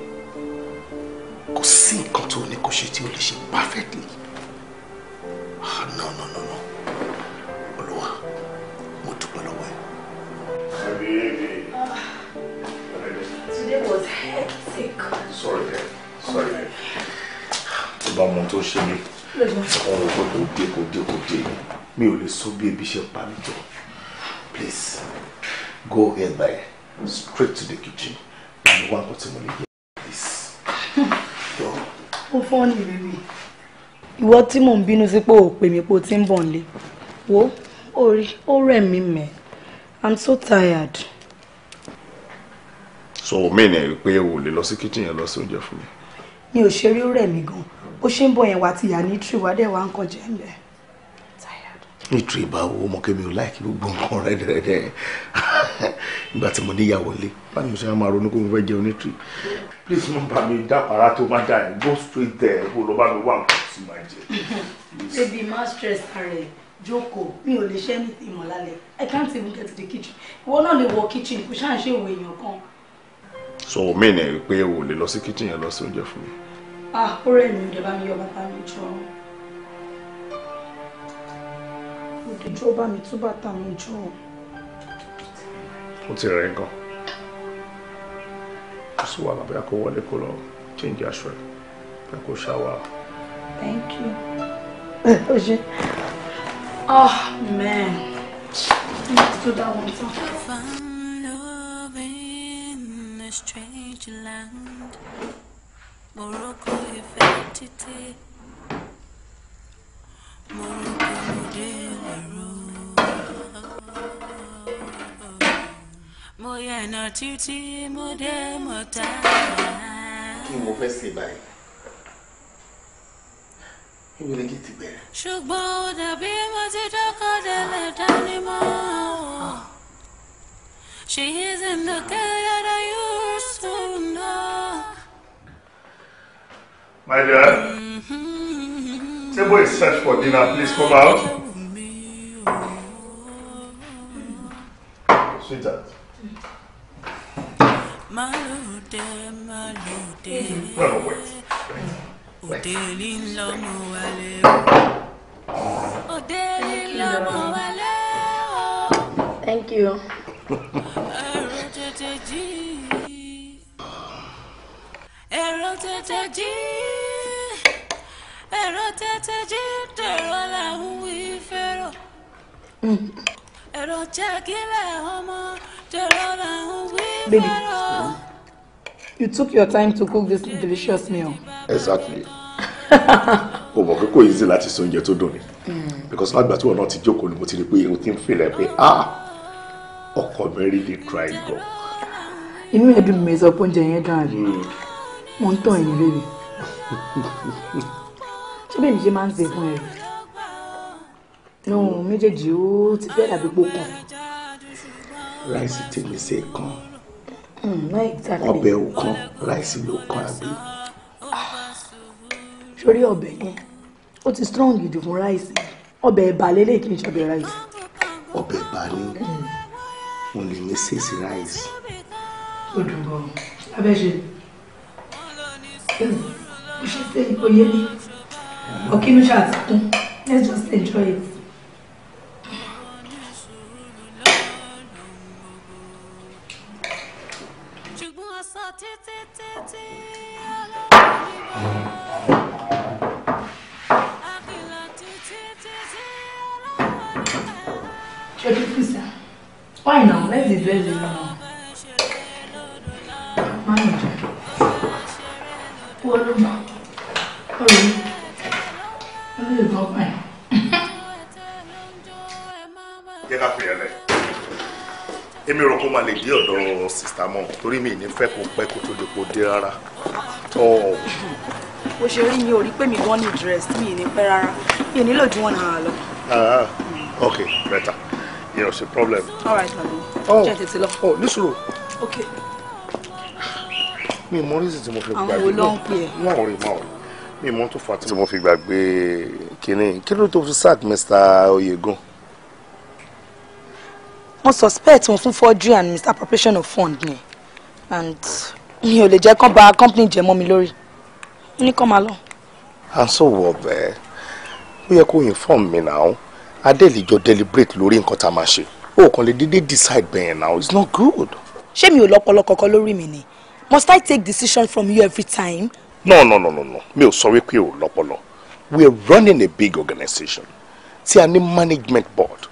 ṣe tí o lè ṣe perfectly ah no no no no olúwa mo dúpẹ́ lọ́wọ́ ẹ. Ah, today was hectic. sorry dear sorry dear tó bá mọ tó ṣe mí ọ̀rọ̀ kò tó dé kò dé kò dé mi ò lè sọ bí ebi ṣe pa mí jọ please go ahead by straight to the kitchen and wá nǹkan tí mo lè jẹ ó fọ́ọ̀nì bèbè ìwọ tí mò ń bínú sí pé ò pè mí pé o ti ń bọ̀ nílé wo orí ó rẹ̀ mẹ́ i'm so tired. so omi ni ẹ̀rí pé o lè lọ sí kitchen yẹn lọ sí oúnjẹ fún mi. mi ò ṣe rí ó rẹ̀ mí gan bó ṣe ń bọ̀ yẹn wá ti yà ní tree wá dẹ̀ wá ń kọjá ń bẹ̀ nítorí ìbáwo ọmọ kẹmi ò láìkí gbogbo nǹkan rẹ́dẹ̀rẹ́dẹ̀ nígbà tí mo níyàwó lé báyìí mo ṣe máa ronú kó mo fẹ́ jẹun nítorí please má bà mí dápàrà tó má dà yẹn go straight there kó lọ bá mi wà nǹkan tí màá jẹ. baby má stress rẹ Joko, mi ò lè ṣe ní ìmọ̀ lálẹ́ i can't even get to the kitchen ìwọ náà lè wọ kitchen kò ṣáà ṣe ìwé èèyàn kan. so omi ni pé o lè lọ sí kitchen yẹn lọ sí oúnjẹ fún mi. ah ó rẹ̀ mí ìjọba mi yọ bàtà mi jọ òdìjọ́ bá mi tú bàtà mi jọ. ó ti rẹ̀ gan kò sí bóyá kò wọlé kó lọ change aṣọ ẹ bóyá kò ṣàwà. thank you ó ṣe oh man i need to do Morocco ìfẹ́ títí Morocco mo mo yànnà títí mo dé mo ta. kí ni mo fẹ́ ṣe báyìí ṣùgbọ́n ó dàbí mo ti dọ́kọ̀ délé dání mọ́ o. She isn't the girl that I used to know. My dear, mm-hmm. table is set for dinner. Please come out. Sweetheart. òdèlì ń lọ wálé o. òdèlì ń lọ mú wálé o. thank you. ẹ̀rọ tètè jí ẹ̀rọ tètè jí ẹ̀rọ tètè jí dèrò làwọn wí fẹ́rọ̀. ẹ̀rọ jẹ́ ọmọ dèrò làwọn wí fẹ́rọ̀. you took your time to cook this delicious meal. Exactly o mọ̀ pé kò easy láti sọ oúnjẹ tó dùn ni hmm. because lágbà tí wọn náà ti jókòó ni mo ti rí pé irun ti ń fìlẹ̀ pé ah ọkọ mi rí lè try gan. inú ẹ̀ dùn mí sọ pé oúnjẹ yẹn dára rí hmm. mo ń tàn yín lébi ṣé bẹ́ẹ̀ mi ṣe máa ń ṣe fún ẹ nù méjèèjì ó ti fẹ́ dàbí pò kàn. láìsí tèmi ṣe kan hmm, ọbẹ̀ ò kan láìsí ló kan àbí. Ah sórí ọbẹ̀ yẹn ó ti strong jù fún ráìsì ọbẹ̀ ẹ̀bà lélẹ̀ kì í ṣọbẹ̀ ráìsì. ọbẹ̀ ẹ̀bà ni mo lè ní sèṣì ráìsì. ó dùn gan abẹ́ ṣe ó ṣe fẹ́ oyé ní ọkínú ṣàtìkún let's just enjoy it. Why now? Let's be very now. Manager. Wọ́n ló mọ̀. Ọ̀rẹ́ mi. Ọ̀rẹ́ mi gbọ́ pẹ̀. Jẹ́ ká pè é lẹ̀. Èmi rò kó sister, mom. dé ọ̀dọ̀ sista mọ́ torí mi ní fẹ́ kó pẹ́ kó tó depo dé rárá. Tọ́ bó mi ò rí pé mi wọ́n ní dress mi ì ní pẹ́ rárá mi ò nílò ju one hour ah, ah. Okay. better. Yeah, it's a problem. all right mami Oh, tètè lọ. ọ oh, nísòro. ok. mi mọ more tí mo fi gbàgbé. àwọn olóhùn pè é. má wọrí má wọrí mi mọ tó fà tí mo fi gbàgbé kínní kí ló fi sack Mr. Oyegun. wọ́n suspect wọn fún forgery and misappropriation of fund ni and mi ò lè jẹ́ kán bà company jẹ́ mọ́ mi lórí ó ní kán máa lọ. and so wọ bẹ́ẹ̀ eh? ó yẹ kó inform me now adele jọ deliberate lórí nǹkan tá a máa ṣe o kàn lè dédé decide bẹ́ẹ̀ now it's not good. ṣé mi ò lọ́pọlọ kankan lórí mi ni must I take decision from you every time. no no no no no mi ò sọ wípé o lọ́pọlọ we are running a big organization tí a ní management board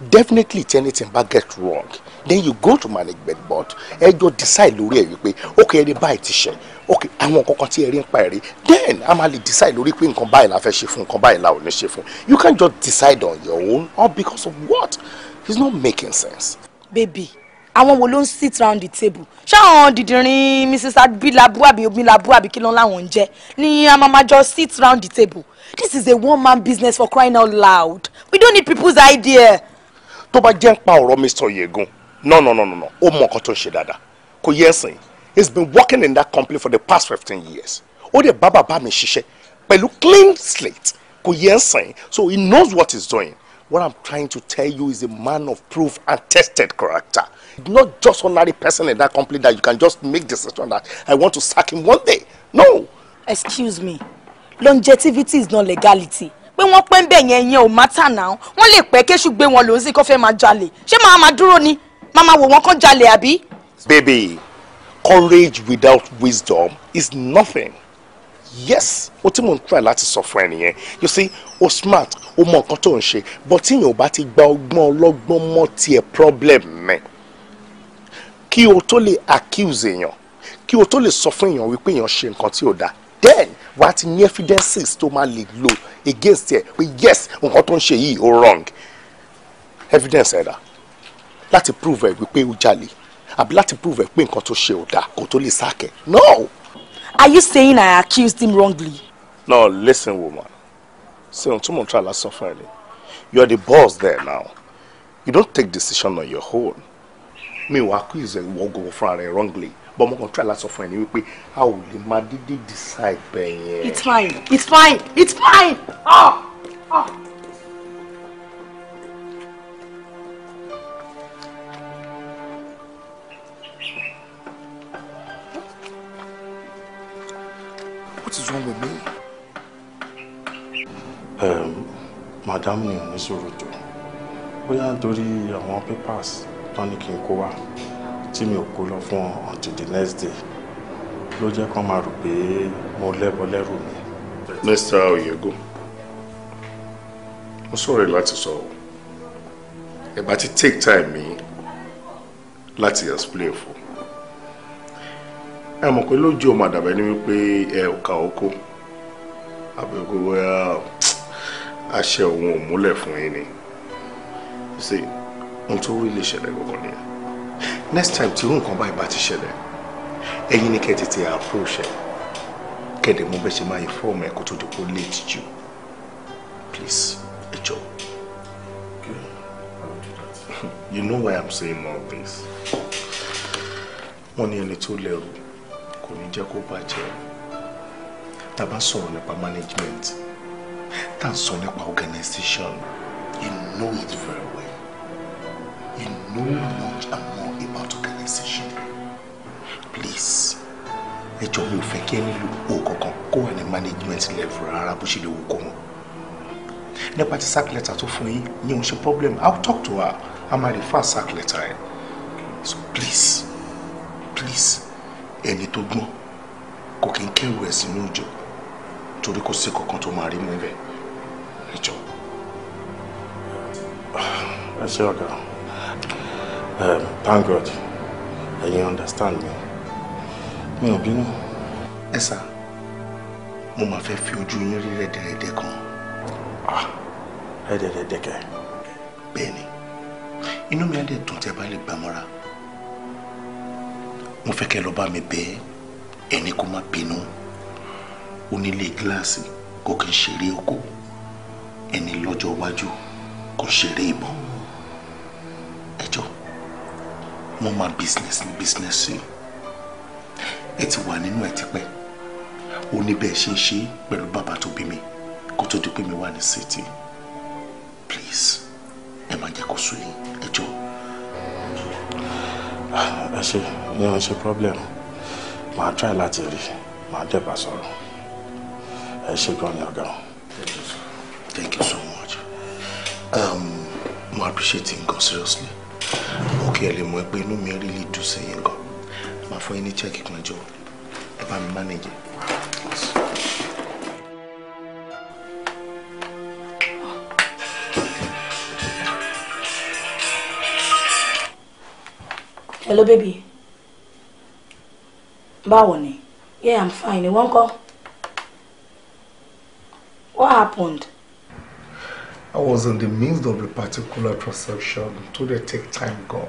definitely if anything bá get wrong then you go to management board ẹ jọ decide lórí ẹ wípé ó kẹ́ ẹni báyìí ti ṣe ok àwọn nǹkan kan tí ẹ rí ń pa ẹ̀rí then a máa lè decide lórí pé nǹkan báyìí la fẹ́ ṣe fún nǹkan báyìí la ò ní ṣe fún you can't just decide on your own all because of what it's not making sense. baby àwọn wo ló ń sit round the table ṣé àwọn dìdìrín mrs abilabu àbí omilabu àbí kí ló ń láwọn ń jẹ ni a máa máa jọ sit round the table this is a one man business for crying out loud we don't need people's idea. tó bá jẹ́ ń pa ọ̀rọ̀ mr yegun no no no no no ó mọ nǹkan tó ń ṣe dáadáa kò yẹ ẹ̀sìn he's been working in that company for the past fifteen years ó Baba bá bàbá mi ṣiṣẹ́ pẹ̀lú clean slate kò yẹ so he knows what he's doing what i'm trying to tell you is a man of proof and tested character not just ordinary person in that company that you can just make decision that i want to sack him one day no. excuse me longevity is not legality When one point ń bẹ̀ yẹn yẹn ò mátà náà wọ́n lè pẹ́ kéṣù gbé wọn lòún sí kó fẹ́ máa jalè ṣé màá máa dúró ni màá máa wò wọ́n kán baby courage without wisdom is nothing yes o ti mo n try láti sọ fún ẹ you see o smart o mọ nǹkan tó ń ṣe but tí yóò bá ti gba ọgbọ́n ọlọ́gbọ́n mọ́ tiẹ̀ problem mẹ́ kí o tó lè accuse èèyàn kí o tó lè sọ fún èèyàn wípé èèyàn ṣe nǹkan tí ò dáa then wà á ti ní evidences tó máa lè lò against ẹ pé yes nǹkan tó ń ṣe yìí ó wrong evidence ẹ̀dá láti prove ẹ̀ wípé ó jalè àbí láti prove ẹ pé nǹkan tó ṣe ò dáa kó tó lè sack no. are you saying i accused him wrongly. no listen woman ṣe ohun tí mo ń try lásán fún ẹ ni you are the boss there now you don't take decision on your own mi ò accuse ẹ wọ́n gbogbo fúnra rẹ wrongly but mo kàn try lásán fún ẹ ni wípé a ò lè máa dédé decide bẹ́ẹ̀ yẹn. it's fine it's fine it's fine. Oh, oh. màdámù ni ní sọ̀rọ̀ bóyá nítorí àwọn papers tán ní kí n kó wá tí mi ò kó lọ fún until the next day ló jẹ́ kán máa rò pé mo lẹ́bọ lẹ́rù mi. Mr. Oyegun, mo sọ̀rọ̀ láti sọ ọ́ ẹ bá ti take time mi láti explain fún ẹ mọ̀ pé lójú ọmọ àdàbẹ́ ni wípé ẹ ò ka oko àbẹ̀kọ́ wẹ́ẹ́ àṣẹ òun ò múlẹ̀ fún yín ni ṣe ohun tó rí lè ṣẹlẹ̀ gbogbo nìyẹn next time tí irú nǹkan báyìí bá ti ṣẹlẹ̀ ẹ̀yin ni kẹ́ tètè approach ẹ̀ kẹ́dẹ̀ mú bẹ́ẹ̀ ṣe máa yẹ fọ́ọ̀mù ẹ̀ tó di late jù please ẹ jọ. you know why i'm saying all this wọ́n ní ẹni tó lẹ́rù kò ní jẹ́ kó bàjẹ́ tá a bá sọ̀rọ̀ nípa management tá à ń sọ nípa organization you know it very well you know much and more about organization please ẹ jọ mi ò fẹ́ kí ẹ nílò owó kankan kó wà ní management level rárá bó ṣe lè wò kó mọ́ nípa ti sack letter tó fún yín ní òun ṣe problem i will talk to her i ma refer sack letter yẹn so please please ẹni tó gbọ́n kò kí n kẹ́rù ẹ̀ sínú òjò torí kò sí kankan tó máa rí mú bẹ́ẹ̀ ẹ jọ. ẹ ṣe ọ̀gá thank God you understand me. mi ò bínú. ẹ sà mo máa fẹ́ fi ojú yín rí rẹ̀dẹ̀rẹ̀dẹ̀ kan. Ah, rẹ̀dẹ̀rẹ̀dẹ̀ kẹ. bẹ́ẹ̀ ni inú mi á dẹ̀ dùn tẹ́ bá lè gbàmọ́ra mo fẹ́ kẹ́ lọ bá mi bẹ́ẹ̀ ẹni kó má bínú onílé gíláàsì kò kí n ṣeré oko ẹni lọ́jọ́ iwájú kò ṣeré ìbọn ẹjọ́ wọ́n máa business ní business sí ẹ ti wà nínú ẹ tipẹ́ ó ní bẹ́ẹ̀ ṣe ń ṣe pẹ̀lú bàbá tó bí mi kó tó di pé mi wà ní city please ẹ má jẹ́ kó sú yín ẹjọ́. ẹ ṣe ní wọn ṣe problem màá try láti rí màá dẹ̀ bá sọ̀rọ̀ ẹ ṣe gan ni ọ̀gá. Thank you so much. Um, mo appreciate yín seriously. Mo kí ẹ lè mọ̀ pé really do sí yín gan. Màá fún yín ní check kan job. Ẹ bá mi Hello baby. Báwo ni? Yeah, I'm fine. Ìwọ ńkọ́? What happened? I was in the midst of a particular transaction tó the take time gan.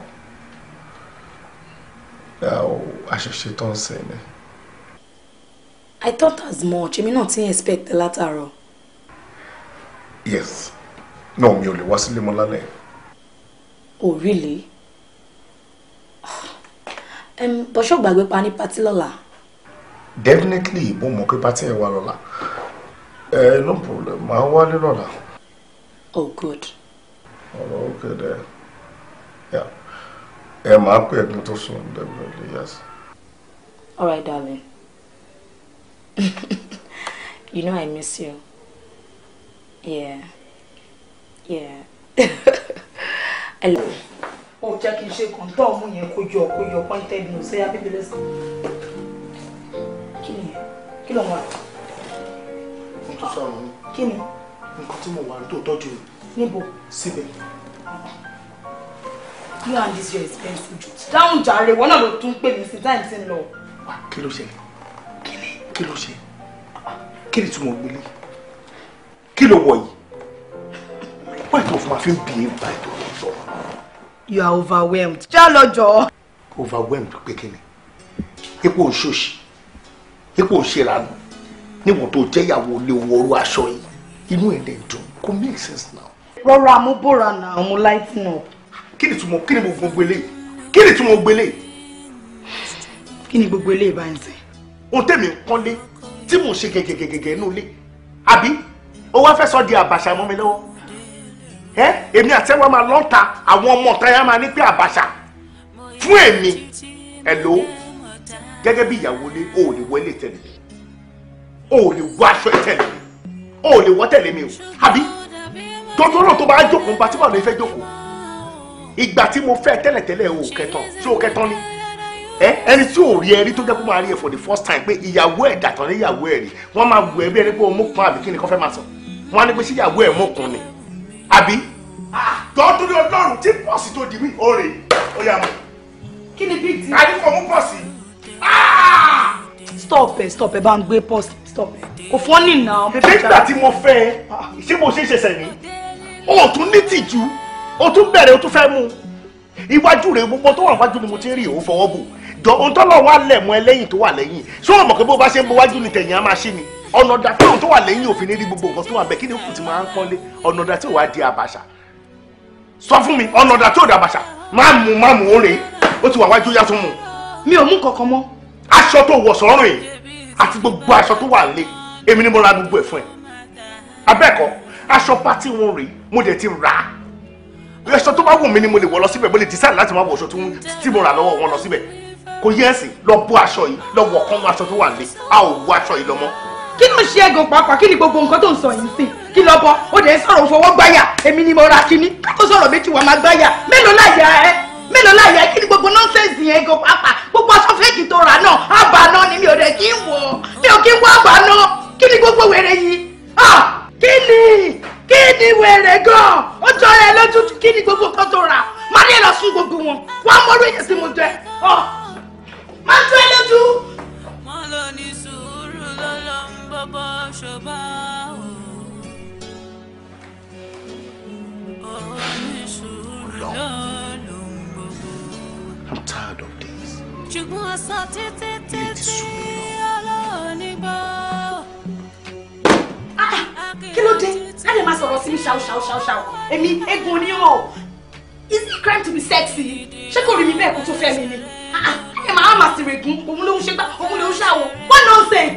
Àṣẹṣe tó ń sìn ni. I thought as much. I mean, not ń expect the látàárọ̀. Yes. No, mi ò lè wá sílé mọ́ Oh, really? um, bọ́ṣọ́ gbàgbé pa ní party lola. Definitely, mo mọ̀ pé patí ẹ̀ wá lọ́la. Uh, no problem, màá wálé lọ́la. Oh, good. Oh, okay then. Yeah. Ẹ máa pè é tó sùn definitely, yes. All right, darling. you know I miss you. Yeah. Yeah. I love you. Oh, Jackie, ṣe kàn tọ́ ọmú yẹn kó jọ kó yọ pointed nose ẹ̀yà bíbí lẹ́sìn. Kí ni? Kí ló ń wà? Mo tún nǹkan tí mo wà ní tó tọ́jú mi. níbo. síbẹ̀. you and this your expensive jute. dáhùn jàre wọn náà ló tún pè mí sí time tí ń lọ. wà ah, kí ló ṣẹlẹ̀ kí ni kí ló ṣe kí ni tí mo gbélé kí ló wọ̀ yìí wọ́n ìtọ́ fún ma fi ń bì í tó sọ. you are overwhelmed. já lọ jọ. overwhelmed pé kí ni epo ń ṣòṣì epo ń ṣèrànù níwọ̀n tó jẹ́yàwó lè wọ́ọ́rú aṣọ yìí inú ẹ̀ dẹ̀ dùn kò make sense now. rọra mo bóra na àwọn up. kí ni túmọ̀ kí ni mo gbogbo eléyìí kí ni túmọ̀ gbogbo eléyìí. kí ni gbogbo eléyìí bá ń sìn. ohun tẹ̀mí ń kọ́lé tí mò ń ṣe gẹ̀gẹ̀gẹ̀gẹ̀ inú ilé àbí o wá fẹ́ sọ di àbàṣà mọ́ mi lọ́wọ́ ẹ èmi àtẹ́wọ́ máa lọ́ta àwọn ọmọ ọ̀tá yẹn máa ní pé àbàṣà fún èmi ẹ̀ ló gẹ́gẹ́ bí ìyàwó ilé o ò lè wọ ilé tẹ̀lé o ò lè wọ aṣọ ìtẹ̀lé o ò lè wọ́ tẹ̀lé mi o àbí tọ́tọ́rọ̀ tó bá jókòó nípa tí màá lè fẹ́ jókòó ìgbà tí mo fẹ́ tẹ́lẹ̀tẹ́lẹ̀ o kẹtàn ṣé o kẹtàn ni ẹni tí ò rí ẹ rí tó jẹ́ kó máa rí ẹ for the first time pé ìyàwó ẹ̀ dàtọ̀ ní ìyàwó ẹ̀ rí wọ́n máa wù ẹ́ bí ẹni pé o mú kan àbí kí ni kò fẹ́ máa sọ wọ́n á ní pé sí ìyàwó ẹ̀ mú kan ni àbí. Ah, tọ́tún ní ọlọ́run tí pọ́ọ̀sì tó di mí ó rè é ó yà mọ́. kí ni big deal. àdìpọ̀ mú pọ́ọ̀sì. Ah! stop ẹ stop ẹ bá ń gbé pause stop ẹ kò fọ́nì náà. ìdẹ́gbà tí mo fẹ́ ẹ ṣé mo ṣe é ṣẹ̀ṣẹ̀ ní o tún ní tìjú o tún bẹ̀rẹ̀ o tún fẹ́ mu iwájú rẹ gbogbo tó wà wájú ni mo ti ń rí òun fọwọ́ bò jọ ohun tọ́lọ̀ wà lẹ̀ mọ́ ẹlẹ́yìn tó wà lẹ́yìn ṣé o mọ̀ pé bó bá ṣe ń bọ̀ wájú ni tẹ̀yìn á máa ṣí ni ọ̀nà ọ̀dà fún òun tó wà lẹ́yìn òfin ní rí gbogbo nǹkan tó wà bẹ́ẹ̀ kí ni kù ti máa ń pọ́nlé ọ̀nà ọ̀dà tí ò wá di àbàṣà sọ fún mi ọ̀nà ọ̀dà tí ò dàbàṣà má mú má mú ó rèé ó ti wà wájú yá tó mú. mi ò mú kankan mọ́ aṣọ tó wọ̀ sọ́rùn yìí àti gbogbo aṣọ tó wà lé èmi ni mo ra gbogbo ẹ̀ fún ẹ abẹ́ẹ̀kọ́ aṣọ pátí wọn rèé mo dẹ̀ ti rà á aṣọ tó bá wù mí ni mo lè wọ̀ lọ síbẹ̀ mo lè dísáì láti má wọ aṣọ tí mo rà lọ́wọ́ wọn lọ síbẹ̀ kò yẹ ẹ̀sìn lọ bó aṣọ yìí lọ wọ̀ kán aṣọ tó wà lé a ò wọ aṣọ yìí lọ mọ́ kí ló ń ṣe ẹgàn pàápàá kí ni gbogbo nǹkan tó ń sọ yìí sí kí lọ bọ ó dẹ̀ sọ̀rọ̀ fọwọ́ gbáyà èmi ni mo ra kinní kó sọ̀rọ̀ méjì wà má gbáyà mélòó láyà ẹ mélòó láyà kí ni gbogbo nọ́ńsẹ̀sì yẹn gan pàápàá gbogbo aṣọ fẹ́ẹ̀kì tó rà náà àbànà ni mi ò dẹ̀ kí ń wọ̀ mi ò kí ń wọ àbànà kí ni gbogbo wèrè yìí kí ni kí ni wèrè gan ó jọ ẹ lójú kí ni gbogbo kan tó rà má ní lọ sún gbogbo wọn wọn mọrú èyàn tí mo jẹ ọ má jọ ẹ lójú. wọn lò ní sùúrù lọlọ ń bọbọ ṣọba o ò ní sùúrù lọ. I'm tired of this. ṣùgbọ́n aṣọ títí títí ọlọ́ọ̀nìgbọ́. Ah, ah, kí ló shout, shout, shout, máa sọ̀rọ̀ sí mi ṣàwù is it crime to be sexy She kò rí mi bẹ́ẹ̀ kó tó fẹ́ mi ni ẹ ah, máa máa sì règún òun ló ń ṣe gbá òun ló what nonsense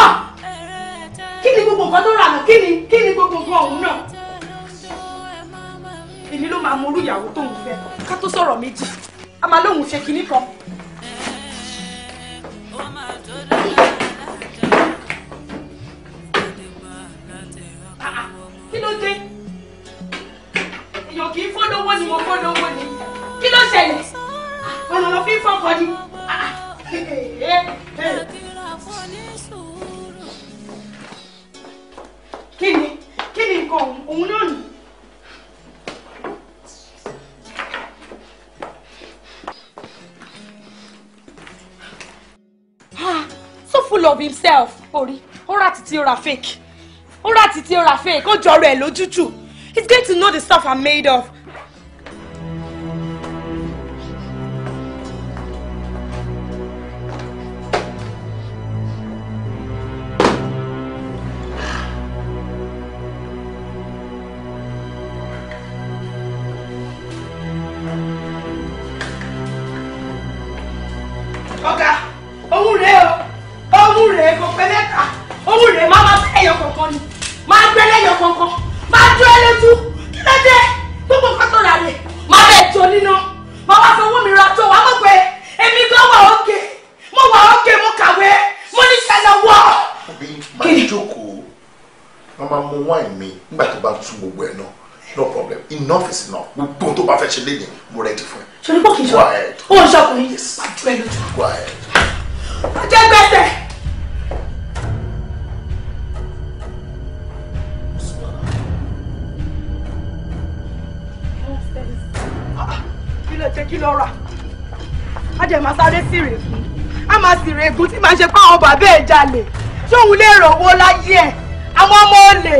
Ah! Kini gbogbo nǹkan tó rà Kini, kini ni kí umno. gbogbo nǹkan ọ̀hún náà èmi ló máa mọ orú ìyàwó a máa lóhùn ṣe kinní kan orí ó rà títí ó ra fake ó rà títí ó ra fake ó jọrọ ẹ̀ lójútù it's great to know the stuff I'm made of ṣe léde mo rẹ ti fún ẹ. ṣòro pọ̀ kì í ṣọ ó ń ṣọkùnrin pàjọ ẹ lójú. ọjọ́ gbẹ́sẹ̀. kí ló jẹ́ kí ló rà á jẹ́ máa sáré sí rèé fún á máa sì rèé fún tí màá ṣe fáwọn bàbá ẹ̀ jalè ṣé òun lè rànwọ́ láyé ẹ̀ àwọn ọmọ olè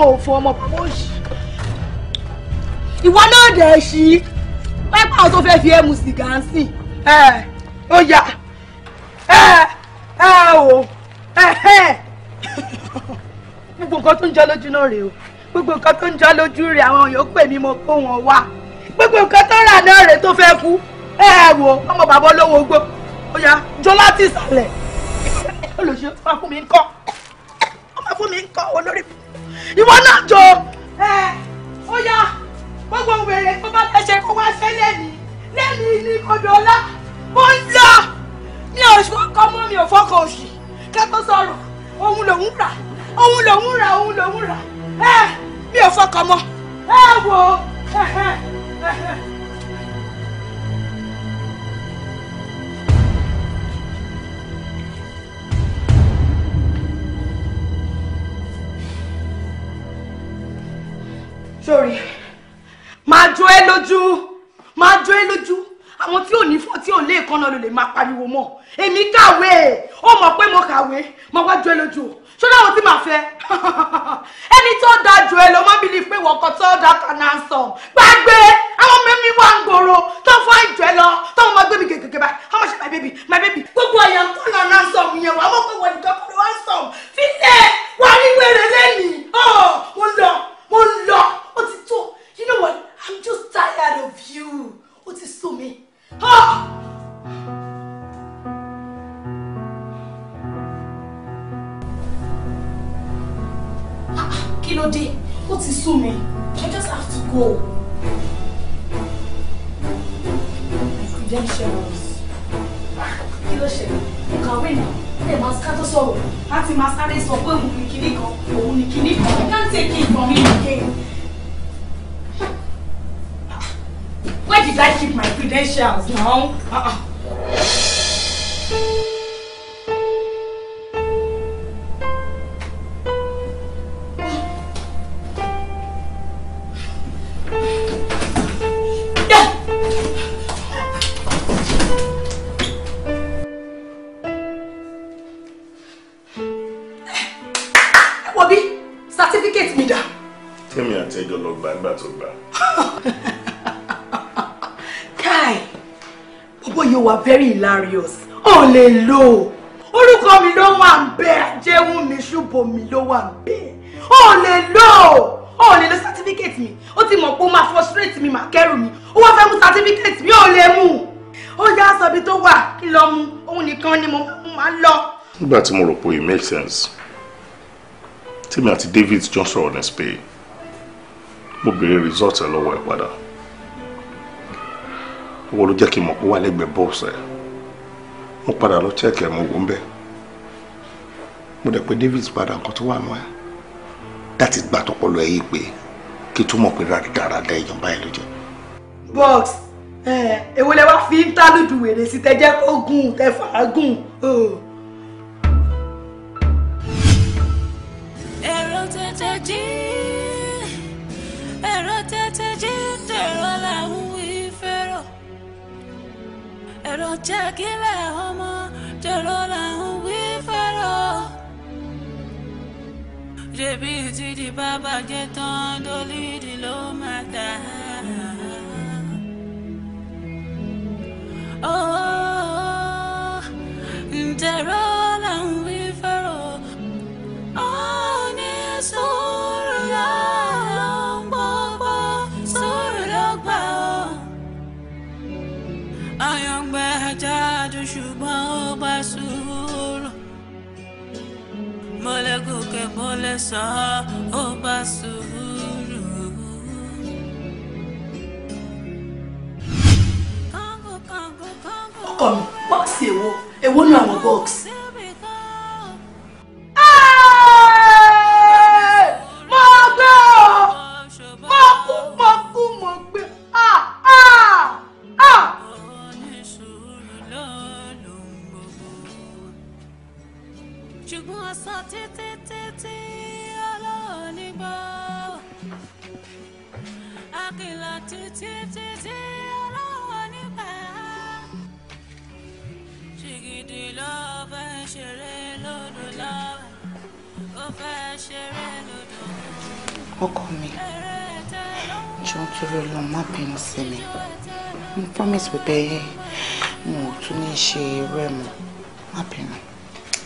wọ́n ìwọ náà dẹ̀ ṣí pẹ́pẹ́ àwọn tó fẹ́ fi ẹ̀mú sìgá ń sìn ẹ̀ ó yá ẹ̀ ẹ̀ o ẹ̀ ẹ̀ gbogbo nǹkan tó ń jẹ́ lójú náà rèé o gbogbo nǹkan tó ń jẹ́ lójú rèé àwọn yòókù èmi mo kó wọn wá gbogbo nǹkan tó rà náà rèé tó fẹ́ kú ẹ̀ ẹ̀ wò ọmọ bàbá olówó gbó ó yá jọ láti ìsàlẹ̀ olùṣe máa fún mi ń kọ́ ó fún mi ń kọ́ olórí ìwọ náà jọ ẹ̀ ó yá gbogbo wèrè tó bá fẹ́ ṣe kó wá lẹ́ni lẹ́ni ní kọjọ́lá mo ń lọ mi ò fọkọ mọ́ mi ò fọkọ òsì kẹ́tọ́ sọ̀rọ̀ òun lòún rà òun lòún rà òun lòún rà mi ò fọkọ mọ́ ẹ wò Sorry máa jó ẹ lójú máa jó ẹ lójú àwọn tí ò ní fọ́ tí ò lé ìkànnà ló lè máa pariwo mọ́ èmi kàwé ó mọ̀ pé mo kàwé mo wá jó ẹ lójú ṣó láwọn tí màá fẹ́ ẹni tó da jù ẹ lọ má bìlì pé wọ́n kọ́ tó da kàná sàn gbàgbé àwọn mẹ́mí wà ń gbòòrò tó fọ́ ìjọ ẹ lọ tó wọ́n máa gbé mi gègègè báyìí how much my baby my baby gbogbo ẹ̀yàn kọ́ là ń sàn yẹn wà á mọ̀ pé wọ́n nìkan kọ́ ló wá sàn fílẹ̀ wà á rí wẹ̀rẹ̀ lẹ́yìn mo lọ mo lọ ó ti tó you know what I'm just tired of you. What is sú mi. Ah! Kí ló dé? Ó ti I just have to go. My credentials. Kí You can win kàwé náà. Ẹ máa all. tó sọ̀rọ̀. Láti for sáré We kill it ni kinní kan. Òun ni kinní kan. I can't take it from him again. Where did I keep my credentials now? Uh-uh. Ah, ah. Wobi, certificate mi dà. Tẹ́mi àtẹ́jọ́ lọ gbà nígbà tó gbà. are very hilarious ó lè lò ó orúkọ mi ló wà ń bẹ àjẹwùn mi ṣùgbọ́n mi ló wà ń bẹ ó lè lò certificate mi ó ti mọ̀ pé ó frustrate mi ma kẹ́rù mi ó wá fẹ́ mú certificate mi ó lè mú ó yá aṣọ ibi tó wà kí lọ mú òun nìkan ni mo máa ń lọ. nígbà mo rò pé it makes sense tèmi ati David Johnson ọ̀nà spain mo béèrè result ẹ lọ́wọ́ ẹ padà wọ́n ló jẹ́ kí n mọ̀ pé wà lẹ́gbẹ̀ẹ́ bọ́ọ̀sì ẹ̀ mo padà lọ chẹ́ẹ̀kì ẹ̀ mo wò ń bẹ́ẹ̀ mo dẹ̀ pé David padà nǹkan tó wà nù ẹ̀ láti gbà tọpọlọ ẹ̀ yìí pé kí tó mọ̀ pé dáradára èèyàn báyìí ló jẹ́. box èwo lẹ wá fi ń tálùdù wèrè sí tẹ jẹ́ kó gùn tẹ fàágùn. ẹ̀rọ tètè jí. ẹ̀rọ jẹ́ kílẹ̀ ọmọ jẹ̀rọ là ń wí fẹ́rọ̀. Ṣèbí ti di bàbá jẹ́ tán dolídìí ló máa dà á. Oh, jẹ̀rọ. mo lè gòkè mo ó bá sùúrù. ọkọ mi bọ́ọ̀sì èwo èwo ní àwọn bọ́ọ̀sì. torí ọlọ́run má sí mi mo promise pé mo ò tún ní ṣe rẹ̀ mọ́ má bínú.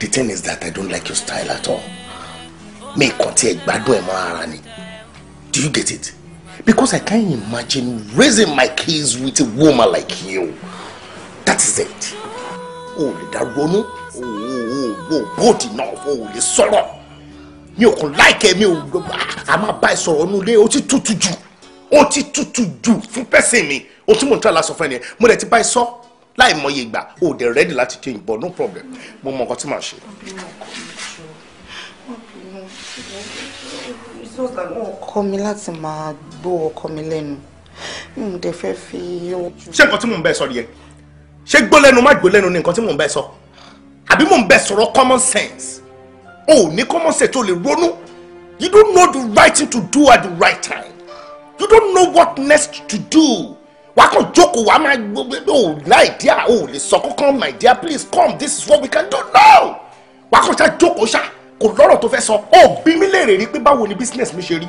the thing is that i don't like your style at all mi kàn tiẹ̀ gbádùn ẹ̀ mọ́ ara ni do you get it because i can't imagine raising my kids with a woman like you that is it o lè dá ronú o o o bold enough o lè sọ̀rọ̀ mi ò kàn láìkẹ́ mi ò a máa bá ẹ sọ̀rọ̀ nulẹ̀ o ti tútù jù ó ti tutù jù fún pẹ́sìn mi o tí mò ń tọ́ lásán fún ẹni yẹn mo dẹ̀ ti bá ẹ sọ láì mọye ìgbà o dẹ̀ rẹ́dì láti change but no problem mo mọ nǹkan tí màá ṣe. ọkọ mi láti máa gbọ́ ọkọ mi lẹ́nu mo dẹ̀ fẹ́ fi. ṣé nǹkan tí mò ń bẹ́ẹ̀ sọ nìyẹn ṣé gbólẹ́nu má gbólẹ́nu ni nǹkan tí mò ń bẹ́ẹ̀ sọ àbí mò ń bẹ́ẹ̀ sọ̀rọ̀ common sense o ò ní common sense o lè ronú you don't know the right thing to do at the right time you don't know what next to do wàá kàn jókòó wàá máa gbogbo ò láì díà ò lè sọ kankan my dear please come this is what we can do now wàá kàn ṣá jókòó ṣá kò lọ́rọ̀ tó fẹ́ sọ ò bí mi léèrè rí pé báwo ni business mi ṣe rí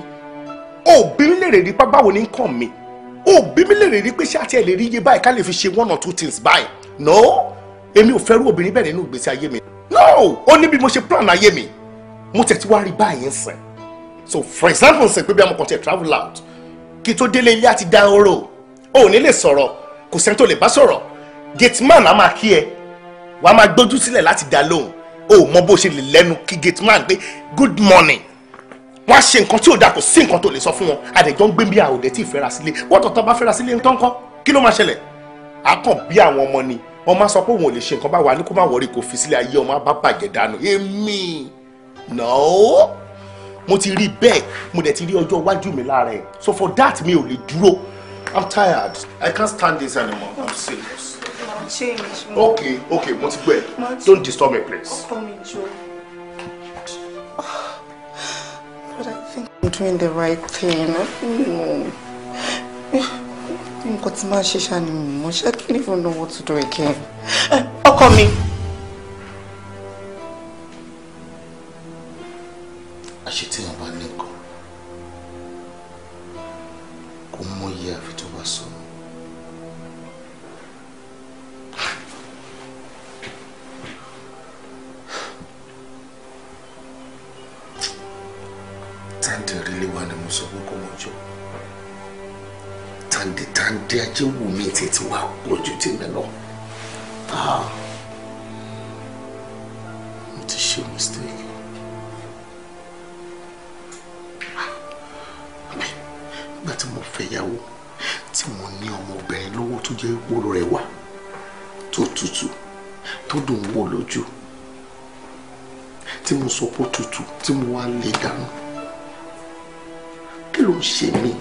ò bí mi léèrè rí pé báwo ni income mi ò bí mi léèrè rí pé ṣé àti ẹ̀ lè rí iye báyìí ká lè fi ṣe one or two things báyìí no èmi ò fẹ́rú obìnrin bẹ́ẹ̀ nínú ìgbésí ayé mi no ó ní bí mo ṣe plan ayé mi mo tẹ̀ tí wá rí báyìí ń sìn so for example ń sìn pé bí amọ̀kàn tẹ̀ travel out kí tó délé ilé àti dahoro o ò ní lè sọ̀rọ̀ kò sẹ́ni tó lè bá sọ̀rọ̀ gate man á máa kí ẹ wàá máa gbójú sílẹ̀ láti dá lóhùn o ò mọ bó ṣe lè lẹ́nu kí gate man pé good morning wọ́n á ṣe nǹkan tí ò dáa kò sí nǹkan tó lè sọ fún wọn àdẹ̀jọ́ ń gbé bí àwòdẹ tí ìfẹ́ra sílé wọ́n tọ̀tọ̀ bá fẹ́ra sílé tó ń kọ́ kí ló máa ṣẹlẹ̀ àkàn bí àwọn ọmọ ni wọ́n máa sọ pé òun ò lè ṣe nǹkan báwa ní kó má wọrí kó fi sílé ayé ọmọ bá bàjẹ́ dànù èmi náà. No? mo ti rí bẹ́ẹ̀ mo dẹ̀ ti rí ọjọ́ iwájú mi lára ẹ̀ so for that mi ò lè dúró i'm tired i can't stand this anymore i'm serious. change. okay okay mo ti gbẹ don't disturb me please. i'm doing the right thing. nǹkan tí máa ṣe i can't even know what to do again. ọkọ mi. àṣẹ tí wọn bá ní nǹkan kò mọyì àfi tó bá sọ. tàǹdì rílé wa ni mo sọ pé kò mọ jọ tàǹdì tàǹdì ajé wù mí tètè wá pọ̀ ju tèmi lọ. Ah. It's a sheer mistake. fẹ́yàwó tí mo ní ọmọbìnrin lọ́wọ́ tó jẹ́ wóró rẹ̀ wá tó tutù tó dùn wò lójú tí mo sọ pé tutù tí mo wá lè dànù kí ló ń ṣe mí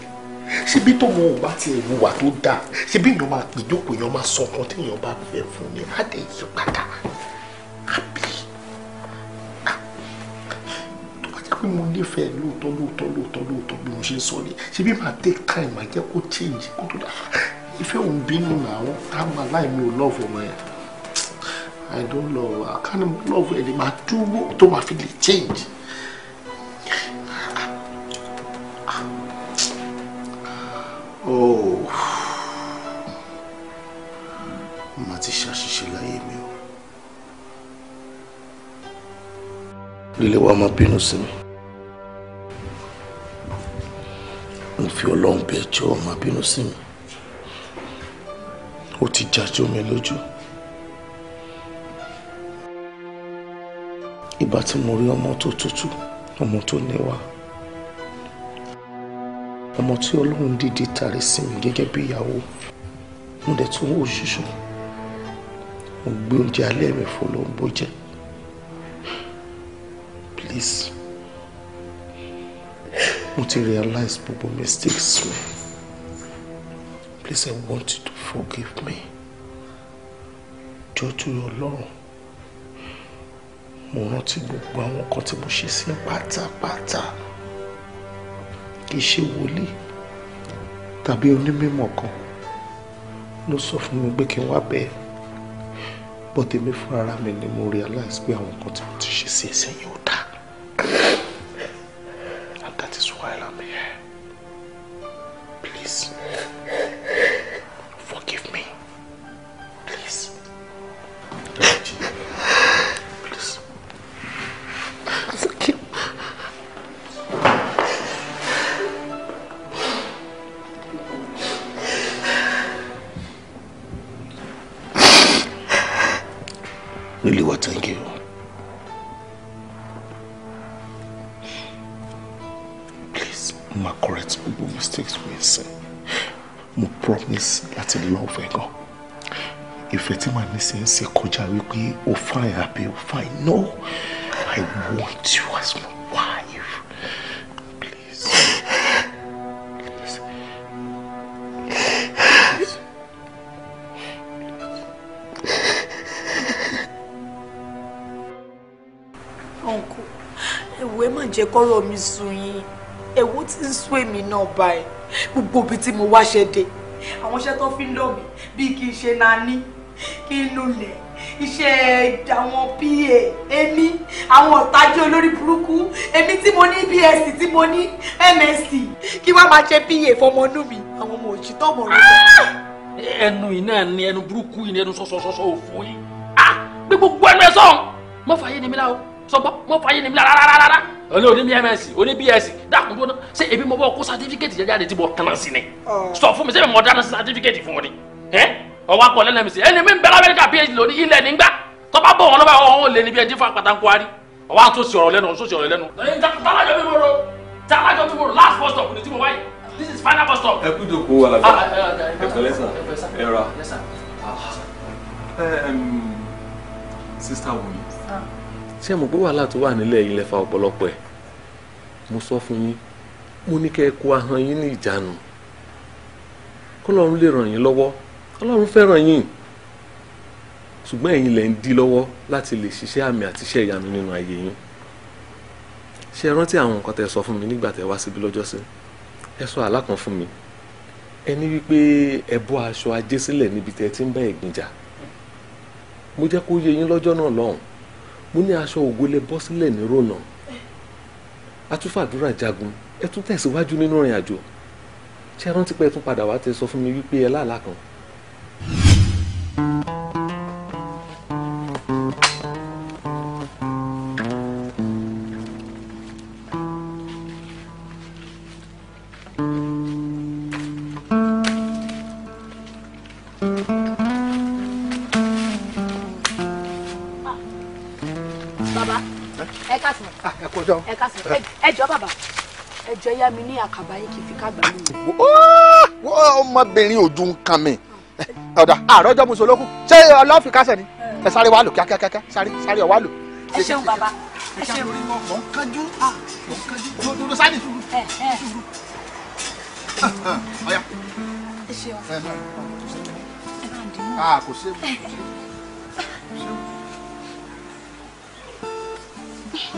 ṣebí tọmọ ọba ti ìwà tó dáa ṣebí èèyàn máa pèjókòó èèyàn máa sọ ọkàn tí èèyàn bá fẹ́ fún mi á dé yí pé mo nífẹ̀ẹ́ lóòótọ́ lóòótọ́ lóòótọ́ lóòótọ́ bí mo ṣe sọ ni ṣebí máa take time máa jẹ́ kó change kó tó dà ìfẹ́ òun bínú làwọn á máa láì mi love ọmọ yẹn I don't love I can't love ẹni máa dúró tó máa fi lè change. Oh, màá ti ṣàṣìṣe láyé mi o. lílé wa máa bínú sí mi. mo fi ọlọ́run bẹ̀ jọ̀ọ́ má bínú sí mi ó ti jájọ mi lójú ìgbà tí mo rí ọmọ tó tutù ọmọ tó níwà ọmọ tí ọlọ́run dídí tàrí sí mi gẹ́gẹ́ bí ìyàwó mo dẹ̀ tún wò ṣoṣo mo gbé oúnjẹ alẹ́ mi fún ló ń bó jẹ́ please mo ti realize gbogbo mistakes mi please i want you to forgive me jọ tó yọ lọ́rùn mo rántí gbogbo àwọn nǹkan tí mo ṣe sí pátápátá kì í ṣe wòlíì tàbí onímọ̀ kan ló sọ fún mi pé kí n wá bẹ́ẹ̀ but èmi fúnra mi ni mo realize pé àwọn nǹkan tí mo ti ṣe sí ẹsẹ̀ yẹn dáa while I'm here. Please. Forgive me. Please. Please. It's okay. Really, what thank you. ma correct gbogbo mistakes mi sìn mo promise láti love ẹ gan ìfẹ́ tí màá ní sí ń ṣe kọjá wípé o fine àbí o fine no I want you as my wife please please. please. uncle ẹ̀wọ̀ ẹ má jẹ́ kọ́rọ̀ mi sùn yín ti ń sún èmi náà báyìí gbogbo ibi tí mo wá ṣe dé àwọn iṣẹ́ tó fi ń lọ mí bíi kí n ṣe nání kí n nulẹ̀ iṣẹ́ àwọn pa èmi àwọn ọ̀tájú olórí burúkú èmi tí mo ní bsc tí mo ní msc kí wọ́n máa ṣe pa fọmọnú mi àwọn ọmọ òjìtọ́ mọ̀ rẹ̀. ẹnu iná ni ẹnu burúkú yìí ni ẹnu sọsọsọsọ òfò yìí ah! gbé gbogbo ẹnu ẹ sọ mọ fàyè ni mi lá o sọgbọ́ mo fàyè ní mi rárá rárá ọ̀nà òní bms òní bs dákun tó ná ṣé èmi mo bọ́ kó sátífíkẹ́tì jẹjẹ́ àdètí bọ̀ kàn sí ni sọ fún mi ṣé mo dáná sí sátífíkẹ́tì fún mi ẹ ọwọ́ akọ lẹ́nu mi sí ẹni mi ń bẹ̀rẹ̀ amẹ́ríkà phd lóní ilẹ̀ nígbà tó bá bọ̀ wọn lọ́ba ọ̀hún lè níbi ẹjí fún àpàtàkùn àrí ọwọ́ àtúnṣe ọ̀rọ̀ lẹ́nu ọ̀túnṣe ọ̀rọ̀ lẹ́nu. tàlájọ mi mo ro tàlájọ mi mo ro last bus stop ni tí mo wáyé this is final bus stop. ẹ kú ìdòkó wà lábẹ́ ẹ̀fẹ̀lẹ́sà ẹ̀rọ sista wumi ṣé mo pé wàhálà tó wà nílẹ̀ yìí lẹ́fà ọ̀pọ̀lọpọ̀ ẹ̀ mo sọ fún yín mo ní kẹ́ ẹ kó ahọ́n yín ní ìjánu kọ́lọ́run lè ràn yín lọ́wọ́ ọlọ́run fẹ́ràn yín ṣùgbọ́n ẹ̀yin lẹ̀ ń dí lọ́wọ́ láti lè ṣiṣẹ́ àmì àti iṣẹ́ ìyanu nínú ayé yín ṣe rántí àwọn nǹkan tẹ́ sọ fún mi nígbà tẹ́ wá síbi lọ́jọ́ ẹ sọ àlá fún mi ẹ wípé ẹ bọ́ aṣọ ajé sílẹ̀ níbi tẹ́ ti ń bá ẹ̀gbìn mo jẹ́ kó yé yín lọ́jọ́ náà lọ́hùn-ún mo ní aṣọ ògolẹ bọ́ sílẹ̀ ní rònà atúfàdúrà jagun ẹ tún tẹ̀síwájú nínú ìrìn àjò ṣé ẹ rántí pé ẹ tún padà wá tẹ sọ fún mi wípé ẹ láàlá kan. Ah, bàbá ẹ kásán ẹ kásán ẹ jọ bàbá ẹ jọ yá mi ní àkàbà yìí kì í fi ká gbà mí. ọmọbìnrin ojú ń kan mi eh, ọ̀dà àárọ̀ ọjọ́ musu olókùn ṣé ọlọ́ọ̀fì kásẹ̀ ni ẹ sáré wá lò kíákíákíá sáré sáré ọ̀wá lò. ẹ ṣeun bàbá ẹ ṣeun. mọ̀ ń kájú mọ̀ ń kájú dúró sáré. ọ̀yà. ẹ ṣeun. ẹ ah, máa dì mọ́. Ah, kò ṣe é. Kárí.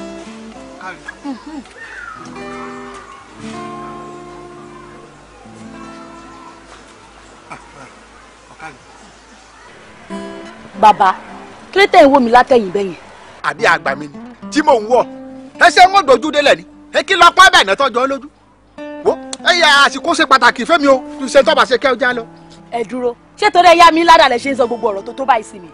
Bàbá, kí ló tẹ̀ ń wò mí látẹ̀yìn bẹ́yìn? Àbí àgbà mi ni, tí mò ń wọ̀. Ẹ ṣe ń wọ́n dojú délẹ̀ ni, ẹ kí lọ pa bẹ́ẹ̀ náà tọ́jọ́ lójú. Wo ẹyà àsìkò ṣe pàtàkì fẹ́mi o, ṣe tọ́ba ṣe kẹ́ ọ já lọ. Ẹ dúró, ṣé torí ẹ yá mi ládàá lẹ ṣe ń sọ gbogbo ọ̀rọ̀ tó tó báyìí sí mi?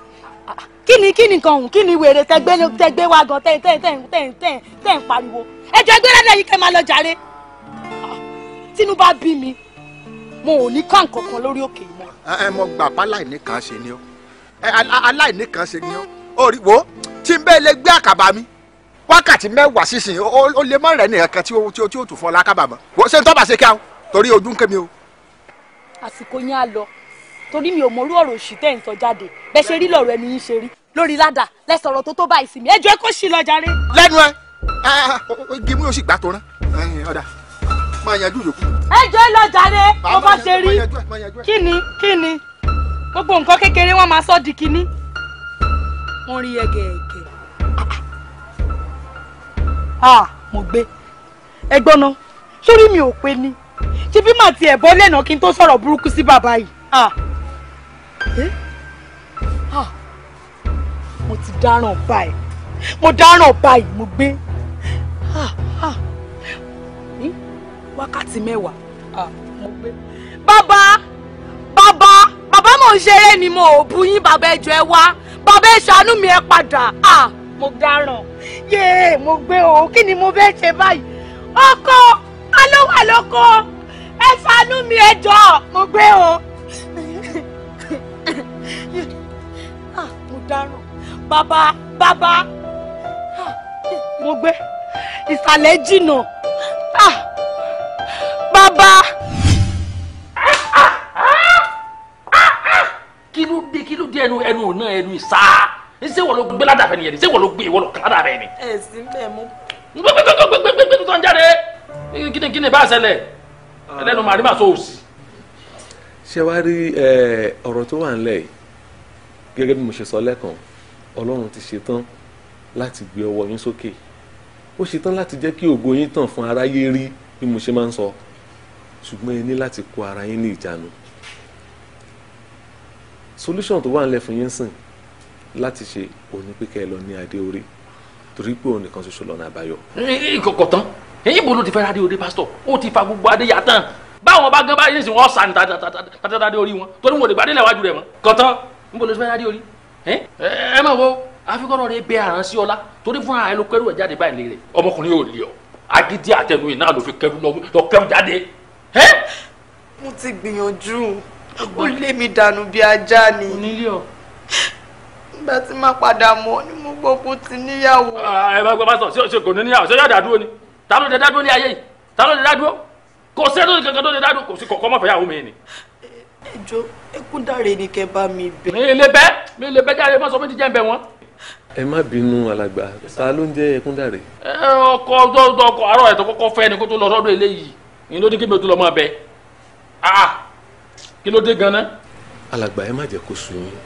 kí ni kí ni nǹkan ọ̀hún kí ni wèrè tẹgbẹ́ tẹgbẹ́ wa gan tẹ̀ tẹ̀ tẹ̀ tẹ̀ tẹ̀ tẹ̀ ń pariwo ẹjọ́ ẹgbẹ́ lẹ́dẹ̀ yìí kẹ́ máa lọ jàre ah, tínú bá bí mi mo ò ní kàn kankan lórí òkè mọ́. ẹ mọ gbàpá kan ṣe ni ọ aláìníkan ṣe ni ọ orí wo tí n bẹ́ẹ̀ lè gbé àkàbà mi wákàtí mẹ́wàá sísìn ó lè mọ rẹ̀ nìyẹn kan tí ó tún fọ́ lákàbà mọ́ ṣé n tọ́ bá ṣe kí a torí ojú ń ké mi o. àsìkò yẹn á lọ torí mi ò mọ orú ọ̀rọ̀ òṣì tẹ́ ń sọ jáde bẹ́ẹ̀ ṣe rí lọ́rọ̀ ẹnu yín ṣe rí lórí ládàá lẹ́sọ̀ ọ̀rọ̀ tó tó bá ìsinmi ẹjọ́ ẹ kó sí lọ jàre. lẹ́nu ẹ ah, igi mú yóò sì gbà tó rán ọ̀dà máa yanjú yòókù. ẹjọ́ ẹ lọ jàre mo bá ṣe rí kíni kíni gbogbo nǹkan kékeré wọn máa sọ di kíní. wọ́n rí ẹgẹ̀ẹ̀gẹ̀. a ah, mo gbé ẹgbọ́n náà sórí mi ò pe ni ṣé bí màá tiẹ̀ bọ́ lẹ́nà kí n tó sọ̀rọ̀ burúkú sí bàbá yìí. Ah. Eh? Ah. mo ti dáràn báyìí mo dáràn báyìí mo gbé ah, ah. wákàtí mẹ́wàá mo gbé. bàbá bàbá bàbá mò ń ṣeré ni mo ò bu yín bàbá ẹjọ́ ẹ wá bàbá ẹ ṣàánú mi ẹ padà mo dáràn yéé mo gbé o kí ni mo fẹ́ ṣe báyìí ọkọ alówà lóko ẹ ṣàánú mi ẹ mo gbé o. ọ̀daràn bàbá bàbá mo gbé ìsàlẹ̀ jìnnà bàbá. kí ló dé kí ló dé ẹnu ẹnu ọ̀nà ẹnu ìsá ṣé wọ́n ló gbé ládàá fẹ́ nìyẹn ni ṣé wọ́n ló gbé ìwọ́n ló kàn ládàá rẹ̀ ni. ẹ sì ń bẹ̀ mú. gbẹgbẹgbẹgbẹgbẹgbẹ tó ń jáde kíni kíni bá ṣẹlẹ̀ ẹlẹ́nu màrí màá sọ òsì. ṣé wàá rí ọ̀rọ̀ tó wà ńlẹ̀ yìí gẹ́gẹ́ bí mo ṣe sọ lẹ́kàn ọlọ́run ti ṣetán láti gbé ọwọ́ yín sókè ó ṣetán láti jẹ́ kí ògo yín tàn fún aráyé rí bí mo ṣe máa ń sọ ṣùgbọ́n ẹ ní láti kó ara yín ní ìjánu solution tó wà nílẹ̀ fún yín sìn láti ṣe òní pé kẹ́ ẹ lọ ní adé orí torí pé òun nìkan ṣoṣo lọ́nà àbáyọ. ìkọ̀kọ̀ tán ẹ̀yìn bolo ti fẹ́ adé orí pásítọ̀ ó ti fa gbogbo adé yà tán báwọn bá gán báyìí ní ìsìn wọn sàn tàtàtàdé orí wọn torí wọn ò lè gbadé lẹ́wájú rẹ̀ mọ́ kọ̀tán níbo ló ti fẹ́ rárí orí ẹ máa wo àfikọ́nà rẹ bẹ àrán sí ọlá torí fún ààrẹ ló kẹrù ẹ jáde báyìí lé rẹ ọmọkùnrin yóò lé ọ agídí àtẹnu yìí náà ló fi kẹrù lọ kẹrù jáde. mo ti gbìyànjú ó lé mi dànù bí ajá ni nígbà tí má padà mọ ni mo gbọ́ kó ti níyàwó. ẹ bá gbọ́ bá sọ ṣe kò ní níyàwó ṣe yóò dádúró ni ta ló lè dádúró ní ayé yìí ta ló lè dádúró kò sẹ́ni kankan tó lè dádúró kò sí kọ̀ọ̀kan ẹjọ ẹkúndàrẹ ni kẹ bá mi bẹ̀. mi lè bẹ̀ mi lè bẹ̀ jáde mọ́sọ̀ mi ti jẹ́ ń bẹ̀ wọ́n. ẹ má bínú alàgbà ta ló ń jẹ́ ẹkúndàrẹ. ẹ ọkọ ọjọ ọkọ àárọ̀ ẹ tó kọ́kọ́ fẹ́ ni kó tó lọ sọ́dọ̀ eléyìí ni ló ní kí mi tó lọ máa bẹ̀ ah, kí ló dé ganan. alàgbà ẹ má jẹ́ kó sùn yín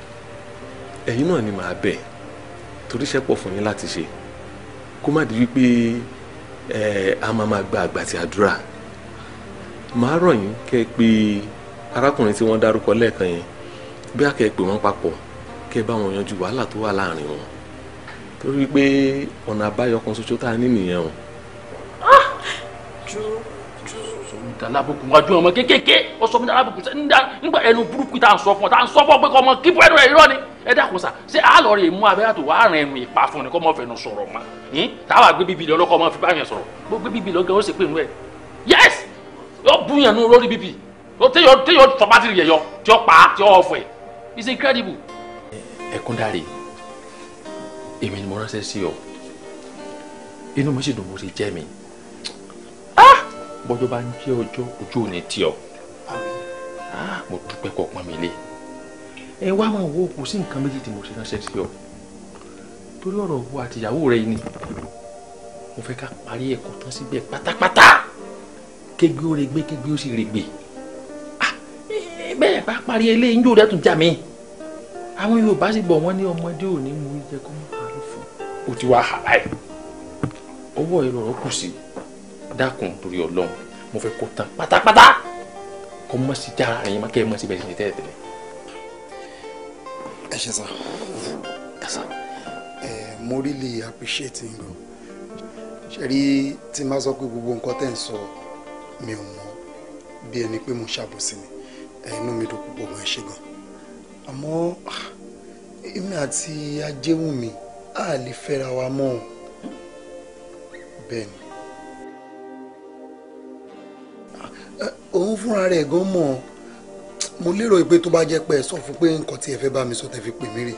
ẹ̀yin náà ni màá bẹ̀ torí iṣẹ́ pọ̀ fún yín láti ṣe kó má di wípé ẹ a máa máa gba àgbà tí àdúrà màá rọ̀ yín kẹ́ pé arákùnrin tí wọ́n dárúkọ lẹ́ẹ̀kan yẹn bí a kẹ́ pè wọ́n papọ̀ kẹ́ bá wọn yanjú wàhálà tó wà láàrin wọn torí pé ọ̀nà àbáyọ kan ṣoṣo tá a ní nìyẹn o. dúró ah! dalabukun wájú ọmọ kékèké ó sọ fún dalabukun sẹ nígbà ẹnu burúkú tá à sọ fún ọ tá à sọ fún ọ pé kọ ọmọ kíbu ẹnu rẹ irọ́ ni ẹ dákun sa ṣé àlọ rẹ mú abẹ́rẹ́ tó wàá rìn ẹnu ìpa fún ni kọ́ mọ́ fẹnu sọ̀rọ̀ ma táwa gbé bíbí lọ lọ́kọ́ ọmọ fi bá yẹn sọ̀rọ̀ gbé bíbí lọ gẹ́ ó sì pè nú ẹ yẹ́sì yóò bú yẹn nú lórí bíbí téyọ téyọ sọ bátìrì yẹ yọ tí ọ pa á tí ọ ọfọ ẹ it's incredible. ẹkúndàrí èmi ni mo ránṣẹ́ sí ọ inú mi sì dùn bó ti jẹ́ mi ah! bọ́jọ́ bá ń jẹ́ ọjọ́ ojú ò ní tì ọ́ ah, mo dúpẹ́ kọ́ pọ́n mi lé ẹ wá máa wo kò sí nǹkan méjì tí mo ṣe ránṣẹ́ sí ọ torí ọ̀rọ̀ wo àtìyàwó rẹ ni mo fẹ́ ká parí ẹ̀kọ́ tán síbẹ̀ pátápátá kégbé ó regbé kégbé ó sì regbé bá parí eléyìí yóò dẹ́tun jà mí àwọn Yorùbá sì bọ̀ wọ́n ní ọmọdé ò ní mú jẹ kó má lò fún o ti wá hàrá ẹ̀ ọwọ́ ẹ lọ́rọ́ kù sí dákun torí Ọlọ́run mo fẹ́ kó tán pátápátá kó mọ̀ sí jára ẹ̀yin má kẹ́ ẹ mọ̀ sí bẹ́ẹ̀ sì tẹ́lẹ̀ tẹ́lẹ̀. ẹ ṣe sàn ẹ sàn ẹ mo really appreciate yín o ṣe rí tí n bá sọ pé gbogbo nǹkan tẹ̀ ń sọ mi ò mọ̀ bí ẹni pé mo ṣàbòsí ni inú mi dùn púpọ̀ mọ́ ẹ ṣe gan àmọ́ ah, èmi àti ajéwùmí a lè fẹ́ra wa mọ́ ọ bẹ́ẹ̀ ni ah, òun fúnra rẹ̀ gan mọ̀ mo lérò pé tó bá jẹ́ pé ẹ sọ fún pé nǹkan tí ẹ fẹ́ bá mi sọ tẹ́ fi pè mí rè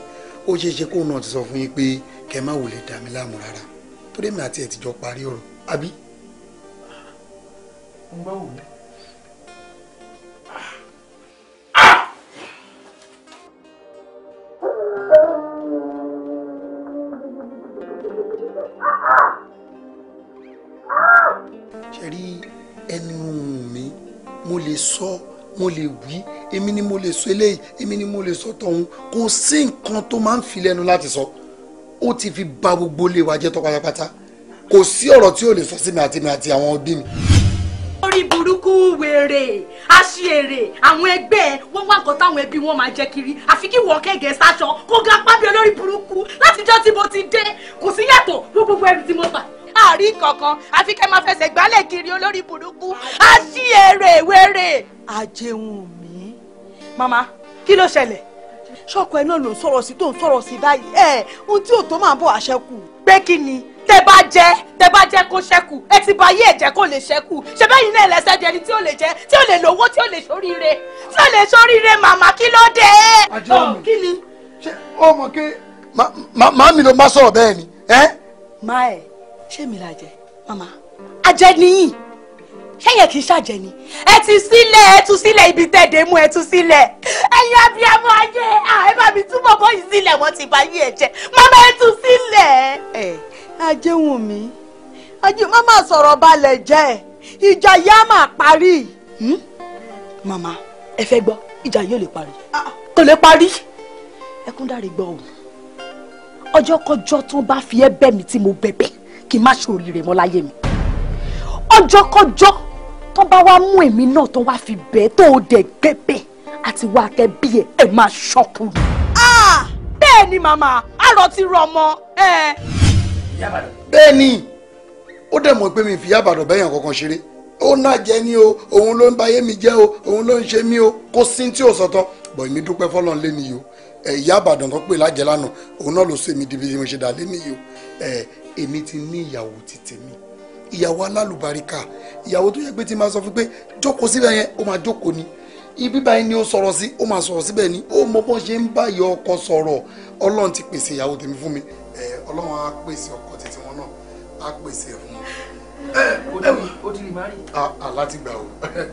ó ṣeé ṣe kóun náà ti sọ fún yín pé kẹ́ má wulẹ̀ dà mí láàmú rárá torí èmi àti ẹ ti jọ parí ọ̀rọ̀ àbí. ń gbọ́ wò mí. rí ẹnu mi mo lè sọ mo lè wí èmi ni mo lè sọ eléyìí èmi ni mo lè sọ tọ̀hún kò sí nǹkan tó máa ń fi lẹ́nu láti sọ ó ti fi ba gbogbo ilé wa jẹ́ tọ́ pátápátá kò sí ọ̀rọ̀ tí ò lè sọ sí mi àti mi àti àwọn òbí mi orí burúkú wèrè aṣèrè àwọn ẹgbẹ́ wọ́n wá nǹkan táwọn ẹbí wọn máa jẹ kiri àfi kí wọ́n kẹ́gẹ̀ẹ́ sáṣọ kó ga pábí olórí burúkú látijọ́ tí mo ti dé kò sí yàtọ̀ fún gbogbo ẹrù tí mo tà àárí kankan àfi kẹ́ máa fẹsẹ̀ gbálẹ̀ kiri olórí burúkú á sí èrè wéré. àjẹun mi màmá kí ló ṣẹlẹ̀ ṣọ́ọ̀kù ẹ náà ló ń sọ̀rọ̀ sí tó ń sọ̀rọ̀ sí báyìí ẹ̀ ohun tí ò tó máa ń bọ̀ àṣẹkù. pé kí ni tẹ bá jẹ tẹ bá jẹ kó ṣẹkù ẹ ti ba ayé ẹjẹ kó lè ṣẹkù ṣe bẹyìn náà lẹsẹ di ẹni tí ò lè jẹ tí ò lè lówó tí ò lè ṣoríire tí ò lè ṣoríire màmá kí ló dé. àjọ mi ṣe ọmọ ké màmí ló má sọ̀rọ̀ bẹ́ẹ̀ ni. má ẹ̀ ṣé mi la jẹ mama àjẹ nìyí ṣẹyẹ kì í ṣàjẹ ni ẹ tú sílẹ̀ ẹ tú sílẹ̀ ibi tẹ̀dé mú ẹ tú sílẹ̀ ẹ̀yin abiyamọ ayé ẹ bá mi túbọ̀ bọ́yìí sílẹ̀ wọ́n ti bá yí ẹ jẹ mama ẹ tu sílẹ̀. ẹ ajé wù mí ajé mama sọ̀rọ̀ balẹ̀ jẹ́ ìjà yá máa parí. mama ẹ fẹ́ gbọ́ ìjà yóò lè parí ah. kò lè parí ẹkún dáre gbọ́ òun ọjọ́ kọjọ́ tó bá fi ẹ́ bẹ̀ mí tí mo bẹ̀bẹ̀ kí n má ṣoríire mọ́ láyé mi ọjọ́kọ́jọ́ tó bá wá mú èmi náà tó wá fi bẹ́ẹ̀ tó o dẹ̀ gbẹ́bẹ̀ àti wá kẹ́ bí ẹ ẹ máa ṣọ́kù ni. Ah! bẹ́ẹ̀ ni màmá àrò ti rọ ọmọ. bẹ́ẹ̀ ni ó dẹ̀ mọ̀ pé mi fi yábàdàn bẹ́yàn kankan ṣeré ó náà jẹ́ ní o òun ló ń bayé mi jẹ́ o òun ló ń ṣe mí o kó sí tí ò sọ̀tọ̀ bọ̀ èmi dúpẹ́ fọlọ́n lé mi yìí o ìyá àbàdàn tó pè lájẹ lánàá òun náà ló sọ èmi di mo ṣe dà lé mi yìí o èmi ti ní ìyàwó ti tèmi ìyàwó alálùbáríkà ìyàwó tó yẹ pé ti máa sọ fún pé jókòó síbẹ̀ yẹn ó máa jókòó ni ibi báyìí ni ó sọ̀rọ̀ sí ó máa sọ̀rọ̀ síbẹ̀ ni ó mọ bọ́n ṣe ń bá ìyá ọkọ sọ̀rọ̀ ọlọ́run ti pèsè ìyàwó tèmi fún mi ọlọ́run á pèsè ọkọ tètè wọn náà á pèsè ẹ̀ fún wọn. ó ti rí mari. àlá ti gbà o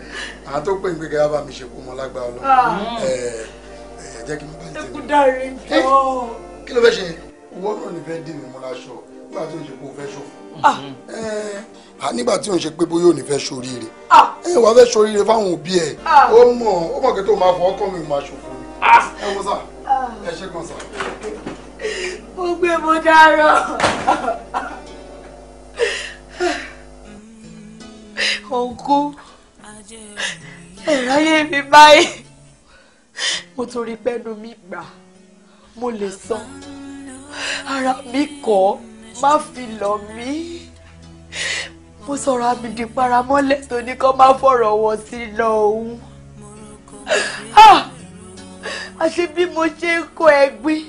àwọn tó pè ń gbé gẹ́gẹ́ bá mi ṣe kó mọ lágbá ọlọ́run ah. jẹ́ kí n bá ń tẹ̀lé. ẹ kú dáre jọ. Eh, oh. kí ló fẹ́ ṣe owó náà ní fẹ́ dì mí mú láṣọ nígbà tí ò ṣe kó fẹ́ ṣòfò. Ah. a nígbà tí ò ń ṣe pé bóyá ò ní fẹ́ ṣoríire. Ah. ẹ wàá fẹ́ ṣoríire fáwọn òbí ẹ ah. ó mọ̀ ó mọ̀ kí tó máa fọ ọkàn mi máa ṣòfò ni. ẹ wo sá ẹ ṣe kan sá. mo gbé mo dárò ọ̀gọ́ ẹ̀ráyé mi báyìí mo torí pẹ́nu mi gbà mo lè sọ ara mi kọ́ má fi lọ̀ mí mo sọ̀rọ̀ àmìdí paramọ́lẹ̀ tó ní kó má fọ̀rọ̀ wọn sí lọ òun àṣé bí mo ṣe ń kọ ẹ̀gbin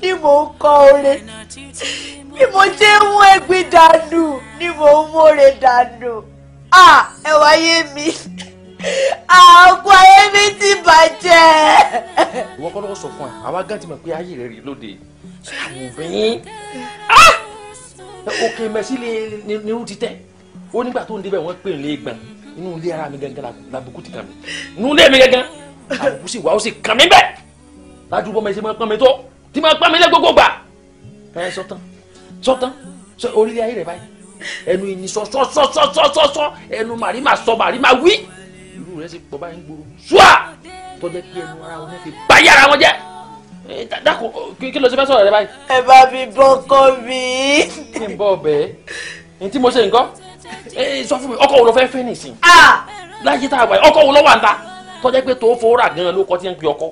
ni mò ń kọ oore bí mo ṣe ń mú ẹ̀gbin dànù ni mò ń mórè dànù ẹ wáyé mi àkó ayé mi ti bàjẹ́. ìwọ kọ́ ló sọ fún ẹ àwa gán ti mọ̀ pé ayé rẹ̀ rí lóde ṣé àwọn òkè mẹ́sílẹ̀ nírú ti tẹ́ ó nígbà tó ń débẹ̀ wọ́n pè ń lé gbọ̀n inú ilé ara mi gangan làbùkù ti kàn mí inú ilé mi gangan àbùkù sì wà ó sì kàn mí bẹ́ẹ̀ lájú bọ́ mẹ́sẹ̀ máa pọ́n mi tó tí máa pọ́n mi lẹ́ gbogbo gbà ẹ sọ́tán sọ́tán orílẹ̀ ayé rẹ̀ báyìí ẹnu ìní sọ́sọ́sọ́sọ́sọ́ ẹnu màrí màá sọ màrí màá wí irú rẹ̀ sì pọ̀ báyìí ń gbòòrò ṣùà tọ́jẹ́ pé ẹnu ara wọn fi báyà ara wọn jẹ́ dákun kí ló ṣe fẹ́ sọ̀rọ̀ rẹ báyìí. ẹ bá mi bọ́kọ mi. kí n bọ ọbẹ̀ ní tí mo ṣe nǹkan sọ fún mi ọkọ wo ló fẹ́ fẹ́ nìsín. láyé tá a wà yìí ọkọ wo ló wà ń ta tọ́jà pé tó fowó rà gan-an ló kọ́ tí ń pe ọkọ.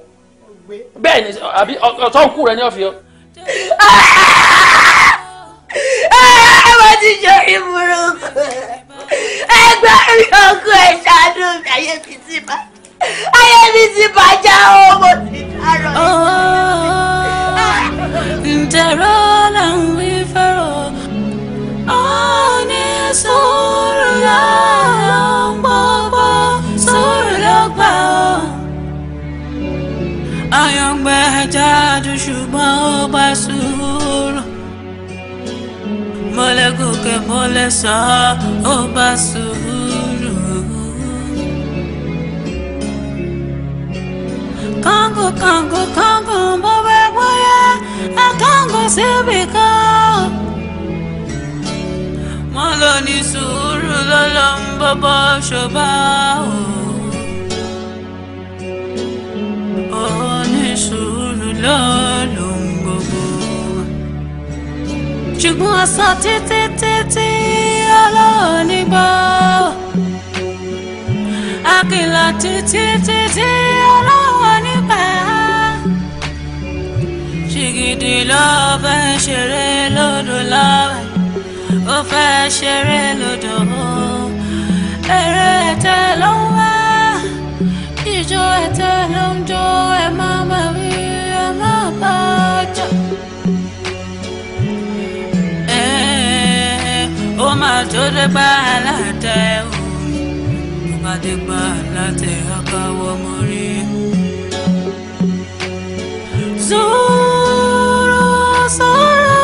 bẹ́ẹ̀ ni àbí ọ̀sán òkú rẹ ní ọ̀fìn. ẹ wá ti ṣe ìmúrò ẹ gbá mi ayé mi ti bá ayé mi ti bàjẹ́ o mo ti dárò yìí. ǹdẹ̀rọ̀ là ń wí fẹ́rọ̀ ọ̀ọ́nì sùúrù ló ń gbọ́gbọ́ sùúrù ló gbà ọ́. àyàngbẹ́ jáde ṣùgbọ́n ó bá sùúrù mọ́lẹ́gòkè mọ́lẹ́sọ̀ ó bá sùúrù. Congo, Congo, Congo, Mobagwaya, a Congo Silvico. Mo lọ ní sùúrù lọ́lọ́ ń bọ́bọ́ ṣọba o. Ó ní sùúrù lọ́lọ́ ń gbogbo. Ṣùgbọ́n aṣọ títí títí ọlọ́ọ̀ ní gbọ́. Àkìlà títí títí ọlọ́ọ̀. ṣìgìdì lọ́ọ́ fẹ́ ṣeré lódò lọ́wẹ̀ ó fẹ́ ṣeré lódò ó eré ẹ̀tẹ́ ló ń wá ijó ẹ̀tẹ́ ló ń jó ẹ má má wí ẹ má bá jọ. ó máa tó dé pa aláàtẹ o ó bá dé pa aláàtẹ akáwọ́ mọ́rí. zoo. I'm sorry.